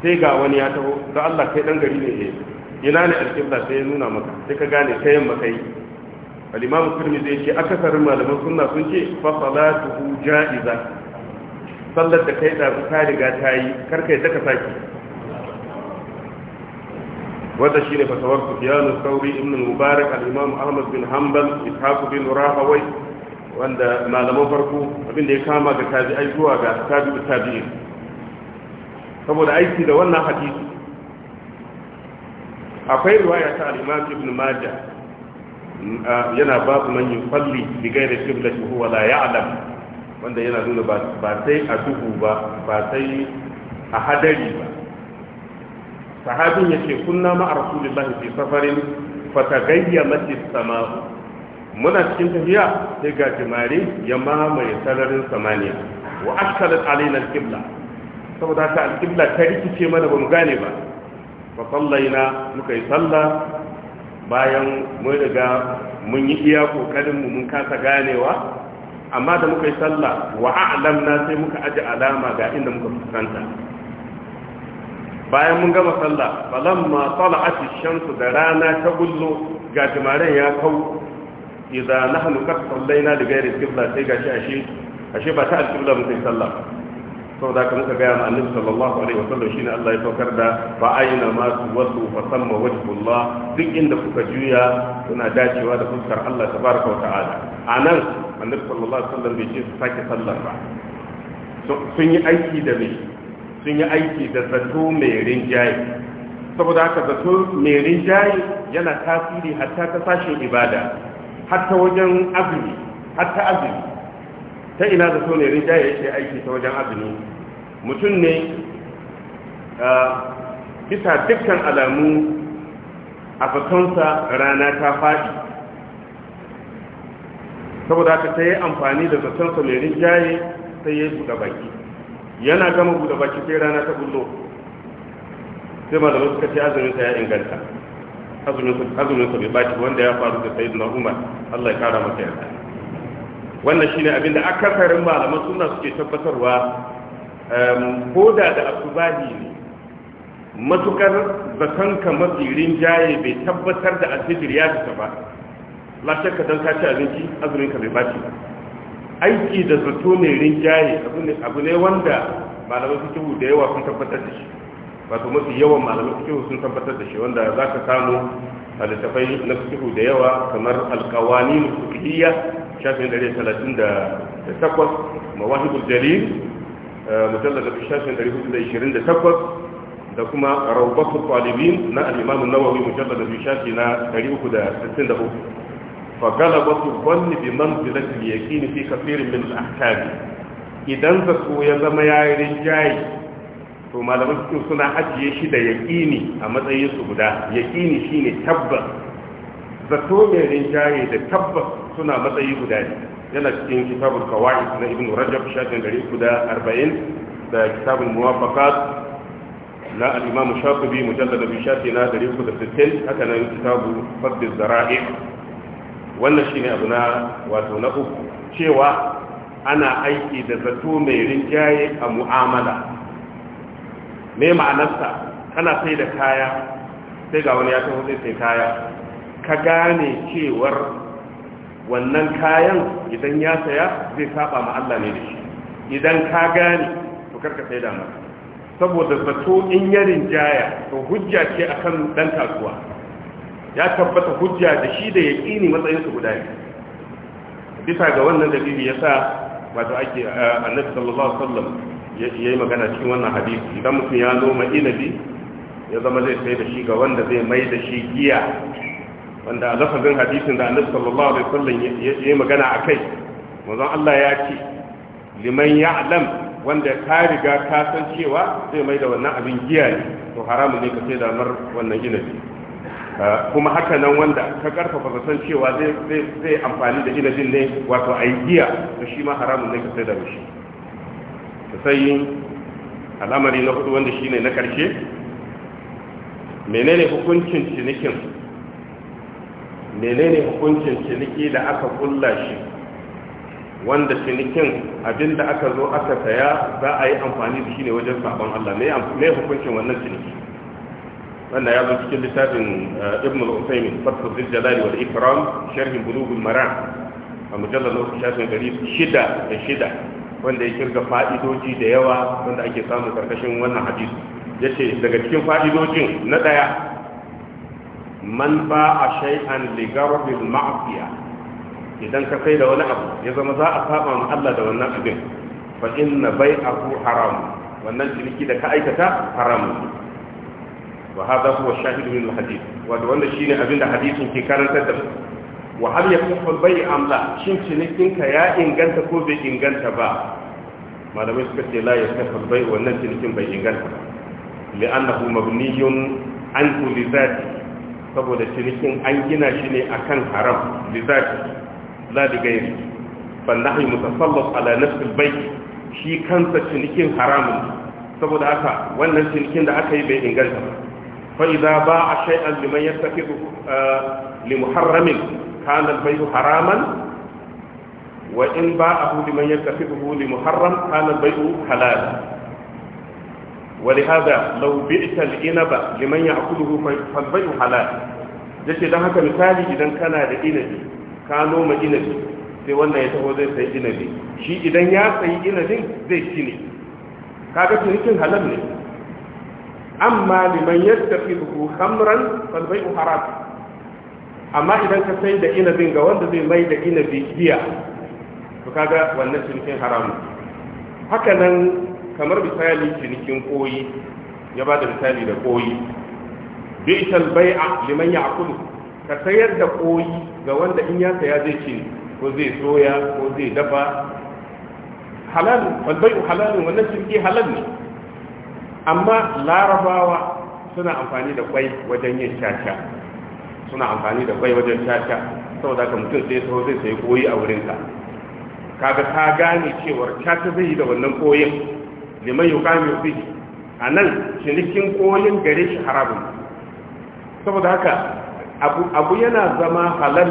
[SPEAKER 1] sai ga wani ya taho da Allah kai dan gari ne ina ne alkibla sai ya nuna maka sai ka gane ta yamma kai al-imam tirmidhi yake akasarin malaman sunna sun ce fa salatuhu ja'iza sallar da kai da ta riga ta yi kar kai da ka saki wanda shine fatawar fasawar al sauri ibn mubarak al Ahmad bin Hanbal ishaku bin Rahawai wanda malaman farko abin da ya kama ga tabi'ai zuwa ga tabi'u tabi'in saboda aiki da wannan hadisi akwai riwaya ta al Ibn Majah yana babu man yusalli bi ghairi qiblati huwa la ya'lam wanda yana nuna ba sai a duhu ba ba sai a hadari ba sahabin yake kunna ma rasulullahi fi safarin fatagayyamat mace samaa muna cikin tafiya sai ga jimare ya mamaye sararin samaniya wa ashkalat alaina alqibla saboda ta alqibla ta rikice mana ba mu gane ba fa sallaina muka yi sallah bayan mun riga mun yi iya kokarin mu mun kasa ganewa amma da muka yi sallah wa a'lamna sai muka ajiye alama ga inda muka fuskanta bayan mun gama sallah falamma tala'at ash-shamsu da rana ta gullo ga jimaren ya kau idza nahnu qad sallaina li ghairi qibla sai gashi ashe ashe ba ta al-qibla mun sai sallah saboda ka muka ga annabi sallallahu alaihi wasallam shine Allah ya saukar da fa aina ma tuwallu fa samma wajhullah duk inda kuka juya suna dacewa da fuskar Allah ta tabaraka wa ta'ala anan annabi sallallahu alaihi wasallam bai ce su sake sallar ba sun yi aiki da mai sun yi aiki da zato mai rinjaye saboda haka zato mai rinjaye yana tasiri hatta ta sashen ibada hatta wajen azumi hatta azumi ta ina zato mai rinjaye yake aiki ta wajen azumi mutum ne bisa dukkan alamu a fatonsa rana ta faɗi saboda haka ta yi amfani da zatonsa mai rinjaye sai ya buɗe baki yana gama buɗe baki sai rana ta bullo sai malamai suka ce azumin sa ya inganta azumin sa bai baki wanda ya faru da sayyidina umar Allah ya kara masa yarda wannan shine abin da akasarin malaman sunna suke tabbatarwa ehm, ko da da asubahi ne matukar zakanka mafi rinjaye bai tabbatar da asibir ya fita ba la shakka don ka ci abinci azumin ka bai baci ba aiki da zato ne rinjaye abu ne wanda malamai fikihu da yawa sun tabbatar da shi wato mafi yawan malamai fikihu sun tabbatar da shi wanda za ka samu a littafai na fikihu da yawa kamar alkawani na fikihiyya shafin dare talatin da takwas mawahibul jalil eh, mujallar da shafin dare hudu da ishirin da takwas da kuma rawbatul talibin na al'imamun nawawi mujallar da shafi na dari uku da sittin da uku فغلبة الظن بمنزلة اليقين في كثير من الأحكام idan zato ya zama ya rinjaye to malaman suna ajiye shi da yaƙini a matsayin su guda yaƙini shine tabbas zato mai rinjaye da tabbas suna matsayi guda ne yana cikin kitabul qawaid na ibn rajab shafin gari guda 40 da kitabul muwafaqat na al-imam shafi'i mujallad bi shafi na 360 haka nan kitabu fadl zara'i wannan shi ne abu na wato na uku cewa ana aiki da zato mai rinjaye a mu'amala me ma'anarsa kana sai da kaya sai ga wani ya taho sai sai kaya ka gane cewar wannan kayan idan ya saya zai saba ma Allah ne da shi idan ka gane to karka sai da maka saboda zato in ya rinjaya to hujja ce akan dan kasuwa ya tabbata hujja da shi da yaqini matsayin su guda ne bisa ga wannan dalili yasa wato ake annabi sallallahu alaihi wasallam yayi magana cikin wannan hadisi idan mutum ya noma inabi ya zama zai sai da shi ga wanda zai mai da shi giya wanda a lafazin hadisin da annabi sallallahu alaihi wasallam yayi magana akai manzon Allah ya ce liman ya'lam wanda ka riga ka san cewa zai mai da wannan abin giya ne to haramun ne ka sai da mar wannan inabi Eh, kuma haka nan wanda ka karfafa zaton cewa zai amfani da inabin ne wato a yi giya da shi ma haramun ne ka sai da shi sai al'amari na hudu wanda shi ne na karshe menene hukuncin cinikin menene hukuncin ciniki da aka kulla shi wanda cinikin abinda aka zo aka saya za a yi amfani da shi ne wajen sabon Allah me hukuncin wannan ciniki wannan ya zo cikin littafin eh, ibn al-usaymin fathu zil jalali wal ikram sharhin bulughul maram a mujallar na shafin gari shida da shida wanda ya kirga fa'idoji da yawa wanda ake samu karkashin wannan Ya yace daga cikin fa'idojin na daya man ba a shay'an li garbil ma'siya idan ka sai da wani abu ya zama za a saba ma Allah da wannan abin fa inna bai'ahu haram wannan ciniki da ka aikata haram wa hadha huwa shahidu min al-hadith wato wannan shine abin hadisin ke karantar da mu wa hal yakuffu al-bay' am shin cinikin ya inganta ko bai inganta ba malamai suka ce la yakuffu al wannan cinikin bai inganta ba li'annahu mabniyun an kulli saboda cinikin an gina shi ne akan haram li zati la li ghairi fa nahyu mutasallaf ala nafs al-bayt shi kansa cinikin haramun saboda wannan cinikin da aka yi bai inganta ba فإذا باع شيئا لمن يتخذ لمحرم كان البيع حراما وإن باعه لمن يتخذه لمحرم كان البيع حلالا ولهذا لو بعت الإنب لمن يأكله فالبيع حلال yace don haka misali idan kana da inabi ka noma inabi sai wannan ya taho zai sayi inabi shi idan ya sayi inabin zai ci ne kaga cinikin halal ne amma liman yattakhidhu khamran fal bai'u haram amma idan ka sai da inabin ga wanda zai mai da inabi biya to kaga wannan cinikin haramu haka nan kamar misali cinikin koyi ya ba da misali da koyi bi'sal bay'a liman ya'kulu ka sayar da koyi ga wanda in ya saya zai ci ko zai soya ko zai dafa halal wal bay'u halal wannan cinikin halal ne amma larabawa suna amfani da kwai wajen yin caca suna amfani da kwai wajen caca saboda ka mutum sai taho zai sayi koyi a wurinka kaga ta gane cewar caca zai yi da wannan koyin liman yi kame fi a nan cinikin koyin gare shi harabin saboda haka abu yana zama halal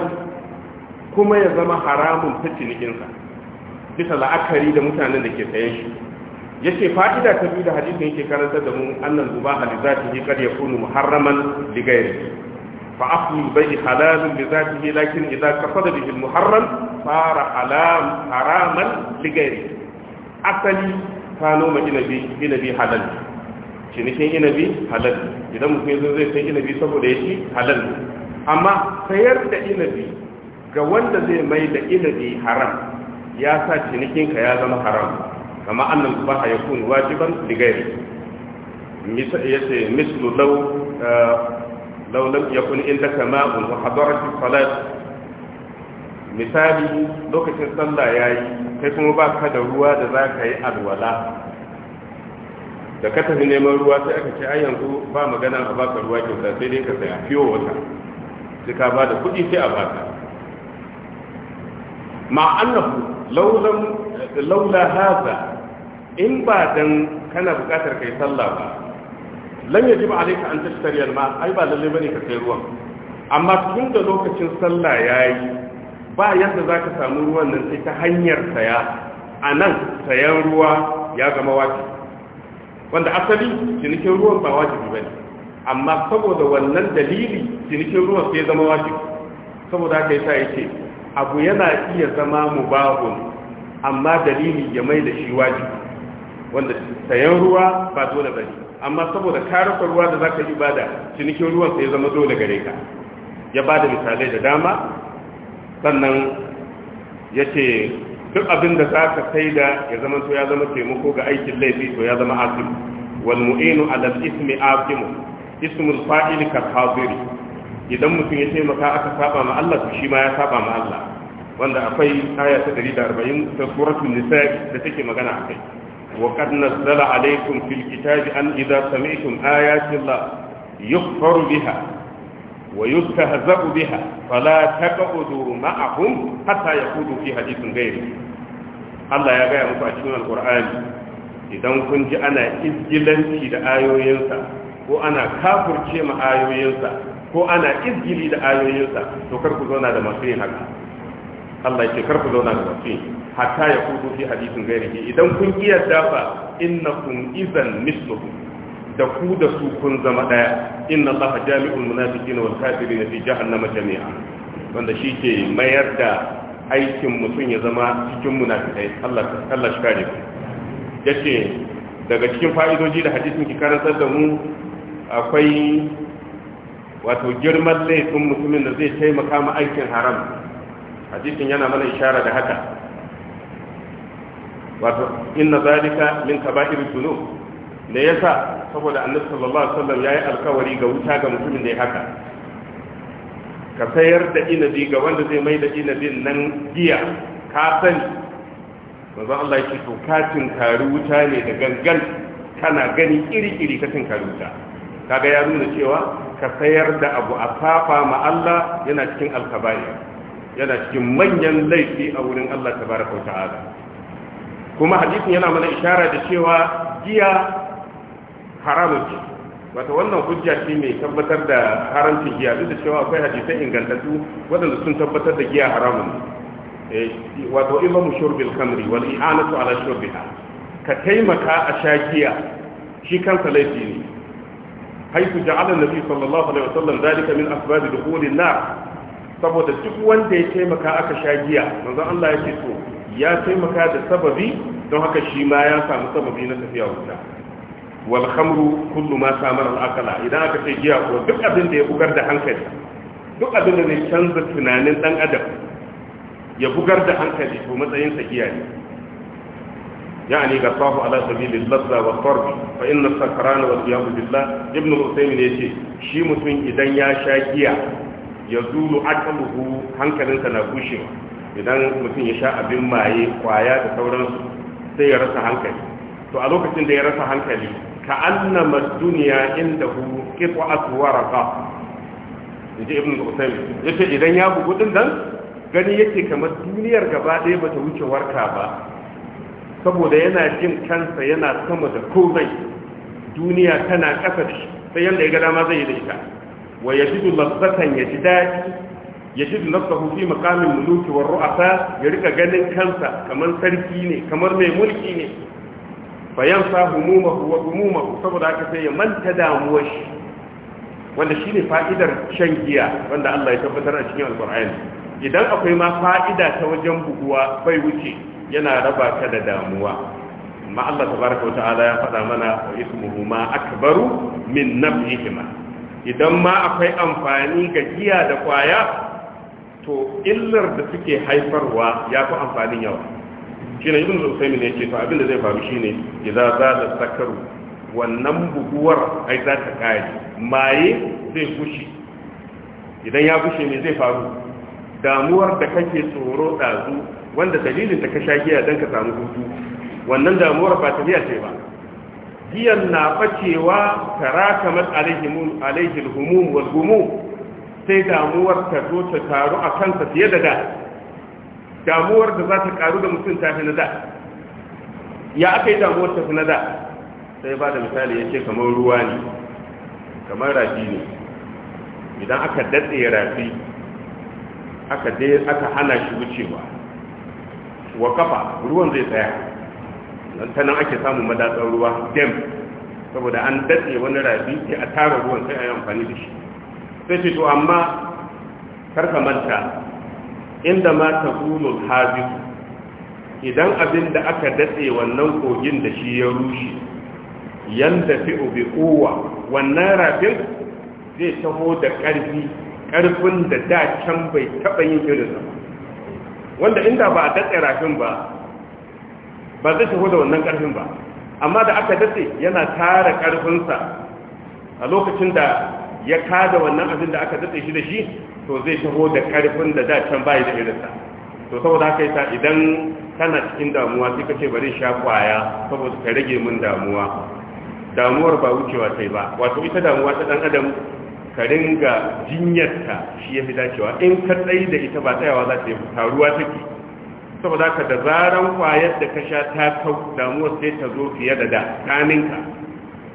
[SPEAKER 1] kuma ya zama haramun ta cinikinsa bisa la'akari da mutanen da ke sayan shi yace fa'ida ta biyu da hadisin yake karanta da mu annan zuba kar ya kunu muharraman li ghairi fa aqmi bai halalun li zatihi lakin idza qasada bihi muharram fara halam haraman li ghairi asali ta noma inabi inabi halal cinikin inabi halal idan mutum yazo zai sai inabi saboda yake halal amma sayar da inabi ga wanda zai mai da inabi haram ya sa cinikinka ya zama haram kama annan subaha ya واجبا wajiban مثل ya لو mislu lau uh, عندك ماء وحضرت inda kama لو wa صلى salat misali lokacin sallah yayi kai kuma ba ka da ruwa da za ka yi alwala da ka tafi neman ruwa sai aka ce ai yanzu ba magana a baka ruwa kyauta sai dai ka saya fiyo wata sai ka da kuɗi sai a baka ma annahu lam laula haza in ba dan kana bukatar kai sallah ba lan ba alayka an tashtari alma ai ba lalle bane ka kai ruwan amma tun da lokacin sallah yayi ba yadda zaka samu ruwan nan sai ta hanyar saya anan sayan ruwa ya zama wajibi wanda asali cinikin ruwan ba wajibi bane amma saboda wannan dalili cinikin ruwan sai zama wajibi saboda haka yasa yake abu yana iya zama mubahun amma dalili ya mai da shi wajibi wanda sayan ruwa ba dole ba ne amma saboda karasa ruwa da za ka yi bada cinikin ruwan sai zama dole gare ka ya ba da misalai da dama sannan ya ce duk abin da za ka sai da ya zama to ya zama taimako ga aikin laifi to ya zama asim walmu'inu mu'inu ala ismi asim ismul fa'il ka idan mutum ya taimaka aka saba ma Allah to shi ma ya saba ma Allah wanda akwai aya ta 140 ta suratul nisa da take magana akai wa qad nazzala alaykum fil kitabi an idza sami'tum ayati allah yukfaru biha wa yustahza'u biha fala taq'udu ma'ahum hatta yaqudu fi hadithin ghairi Allah ya gaya muku a cikin alqur'ani idan kun ji ana izgilanci da ayoyinsa ko ana kafurce ma ayoyinsa ko ana izgili da ayoyinsa to kar ku zauna da masu yin haka Allah yake karku zauna da mutum hatta ya kudu fi hadisin gairihi idan kun iya dafa innakum idan misluhu da ku da su kun zama daya inna Allah jami'ul munafiqina wal kafirin fi jahannama jami'a wanda shi ke mayar da aikin mutum ya zama cikin munafikai Allah Allah shi kare ku yace daga cikin fa'idoji da hadisin ki karantar da mu akwai wato girman laifin mutumin da zai taimaka ma aikin haram hadisin yana mana ishara da haka wato inna zalika min kaba'ir dhunub me yasa saboda annabi sallallahu alaihi wasallam yayi alkawari ga wuta ga mutumin da ya haka ka sayar da inabi ga wanda zai mai da inabin nan giya ka sani manzo Allah ya ce to ka tinkari wuta ne da gangan kana gani iri-iri ka tinkari wuta kaga ya nuna cewa ka sayar da abu a safa ma Allah yana cikin alkabari yana cikin manyan laifi a wurin Allah Ta baraka ta'ala kuma hadisin yana mana ishara da cewa giya haramun ce wata wannan hujja ce mai tabbatar da haramcin giya duk da cewa akwai hadisai ingantattu waɗanda sun tabbatar da giya haramun eh, wato imamu shurbil kamri wal i'anatu ala shurbiha ka taimaka a sha giya shi kansa laifi ne haitu ja'ala nabi sallallahu alaihi wa wasallam dalika min asbabi dukhulin nar saboda duk wanda ya taimaka aka sha giya manzon Allah ya ce to ya taimaka da sababi don haka shi ma ya samu sababi na tafiya wuta wal khamru kullu ma samar al aqla idan aka ce giya ko duk abin da ya bugar da hankali duk abin da zai canza tunanin dan adam ya bugar da hankali to matsayin sa giya ne ga sahu يعني قصاه على سبيل اللذة والطرب فإن السكران والقيام بالله ابن الحسين shi mutum idan ya sha giya. ya zulu akaluhu hankalinsa na gushewa idan mutum ya sha abin maye kwaya da sauransu sai ya rasa hankali to a lokacin da ya rasa hankali ka annama duniya inda hu kitwa aswaraka inji ibn Ya yace idan ya bugu din dan gani yake kamar duniyar gaba ɗaya bata wuce warka ba saboda yana jin kansa yana sama da komai duniya tana ƙasa da shi sai yanda ya ga dama zai yi da ita wa yajidu lazzatan ya ji daɗi ya ji nafsahu fi maqamin muluki wa ru'asa ya rika ganin kansa kamar sarki ne kamar mai mulki ne bayan sa humumahu wa humumahu saboda haka sai ya manta damuwar shi wanda shine fa'idar shan giya wanda Allah ya tabbatar a cikin alqur'ani idan akwai ma fa'ida ta wajen buguwa bai wuce yana raba ka da damuwa amma Allah tabaraka wa ta'ala ya faɗa mana wa ismuhu ma akbaru min naf'ihima idan ma akwai amfani ga giya da kwaya to illar da suke haifarwa ya fi amfanin yawa shi ne ibn zusaimi ne ce to abin da zai faru shi ne idan za da sakaru wannan buguwar ai za ta kare maye zai gushi idan ya gushe ne zai faru damuwar da kake tsoro ɗazu wanda dalilin da ka sha giya don ka samu hutu wannan damuwar ba ta biya ce ba giyan na bacewa tara alaihimul alaihil humum wal gumum sai damuwar ta zo ta taru a kansa fiye da da damuwar da za ta karu da mutum ta fi na da ya aka yi damuwar ta fi na da sai ba da misali ya ce kamar ruwa ne kamar rafi ne idan aka datse rafi aka hana shi wucewa wa kafa ruwan zai tsaya ta nan ake samun madatsar ruwa dem saboda an datse wani rafi sai a tara ruwan sai a yi amfani da shi sai ce to amma karka manta inda ma ta hulul idan abin da aka datse wannan kogin da shi ya rushe yanda fi obi kowa wannan rabin zai taho da ƙarfi ƙarfin da da can bai taɓa yin irin wanda inda ba a datse rafin ba ba zai taho da wannan ƙarfin ba amma da aka dace yana tara karfinsa a lokacin da ya kada wannan abin da aka dace shi da shi to zai taho da ƙarfin da da can bai da irinsa to saboda haka yasa idan kana cikin damuwa sai kace bari sha kwaya saboda ka rage min damuwa damuwar ba wucewa sai ba wato ita damuwa ta dan adam ka ringa jinyarta shi ya fi dacewa in ka tsaye da ita ba tsayawa za ta yi taruwa take saboda ka da zaran kwayar da ka sha ta kau damuwar sai ta zo fiye da da kaninka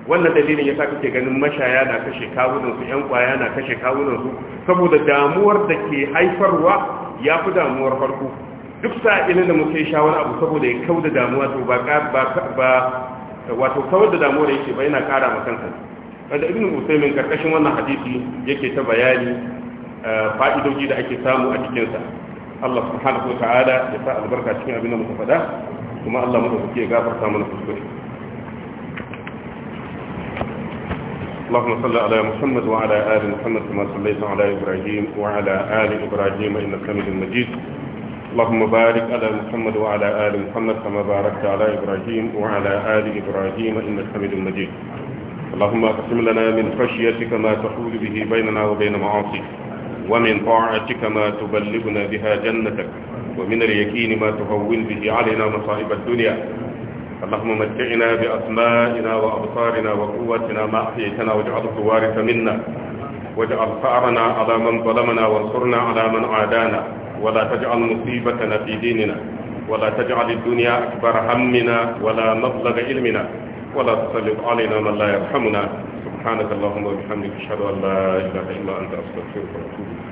[SPEAKER 1] wannan dalilin ya sa kake ganin mashaya na kashe kawunan su yan kwaya na kashe kawunan su saboda damuwar da ke haifarwa ya fi damuwar farko duk sa'ilin da muke shawar abu saboda ya kau da damuwa to ba ba wato kawar da damuwar yake ba yana kara ma kansa wanda ibn usaimin karkashin wannan hadisi yake ta bayani eh, fa'idoji da ake samu a cikinsa Allah subhanahu wa ta'ala ya sa albarka cikin abin da muka faɗa kuma Allah mu da gafarta mana kuskure اللهم صل على محمد وعلى آل محمد كما صليت على إبراهيم وعلى آل إبراهيم إنك حميد مجيد اللهم بارك على محمد وعلى آل محمد كما باركت على إبراهيم وعلى آل إبراهيم إنك حميد مجيد اللهم اقسم لنا من خشيتك ما تحول به بيننا وبين معاصيك ومن طاعتك ما تبلغنا بها جنتك ومن اليقين ما تهون به علينا مصائب الدنيا اللهم متعنا بأسمائنا وأبصارنا وقوتنا ما أحييتنا واجعله الوارث منا واجعل ثأرنا على من ظلمنا وانصرنا على من عادانا ولا تجعل مصيبتنا في ديننا ولا تجعل الدنيا أكبر همنا ولا مبلغ علمنا ولا تسلط علينا من لا يرحمنا سبحانك اللهم وبحمدك اشهد ان لا اله الا انت استغفرك واتوب اليك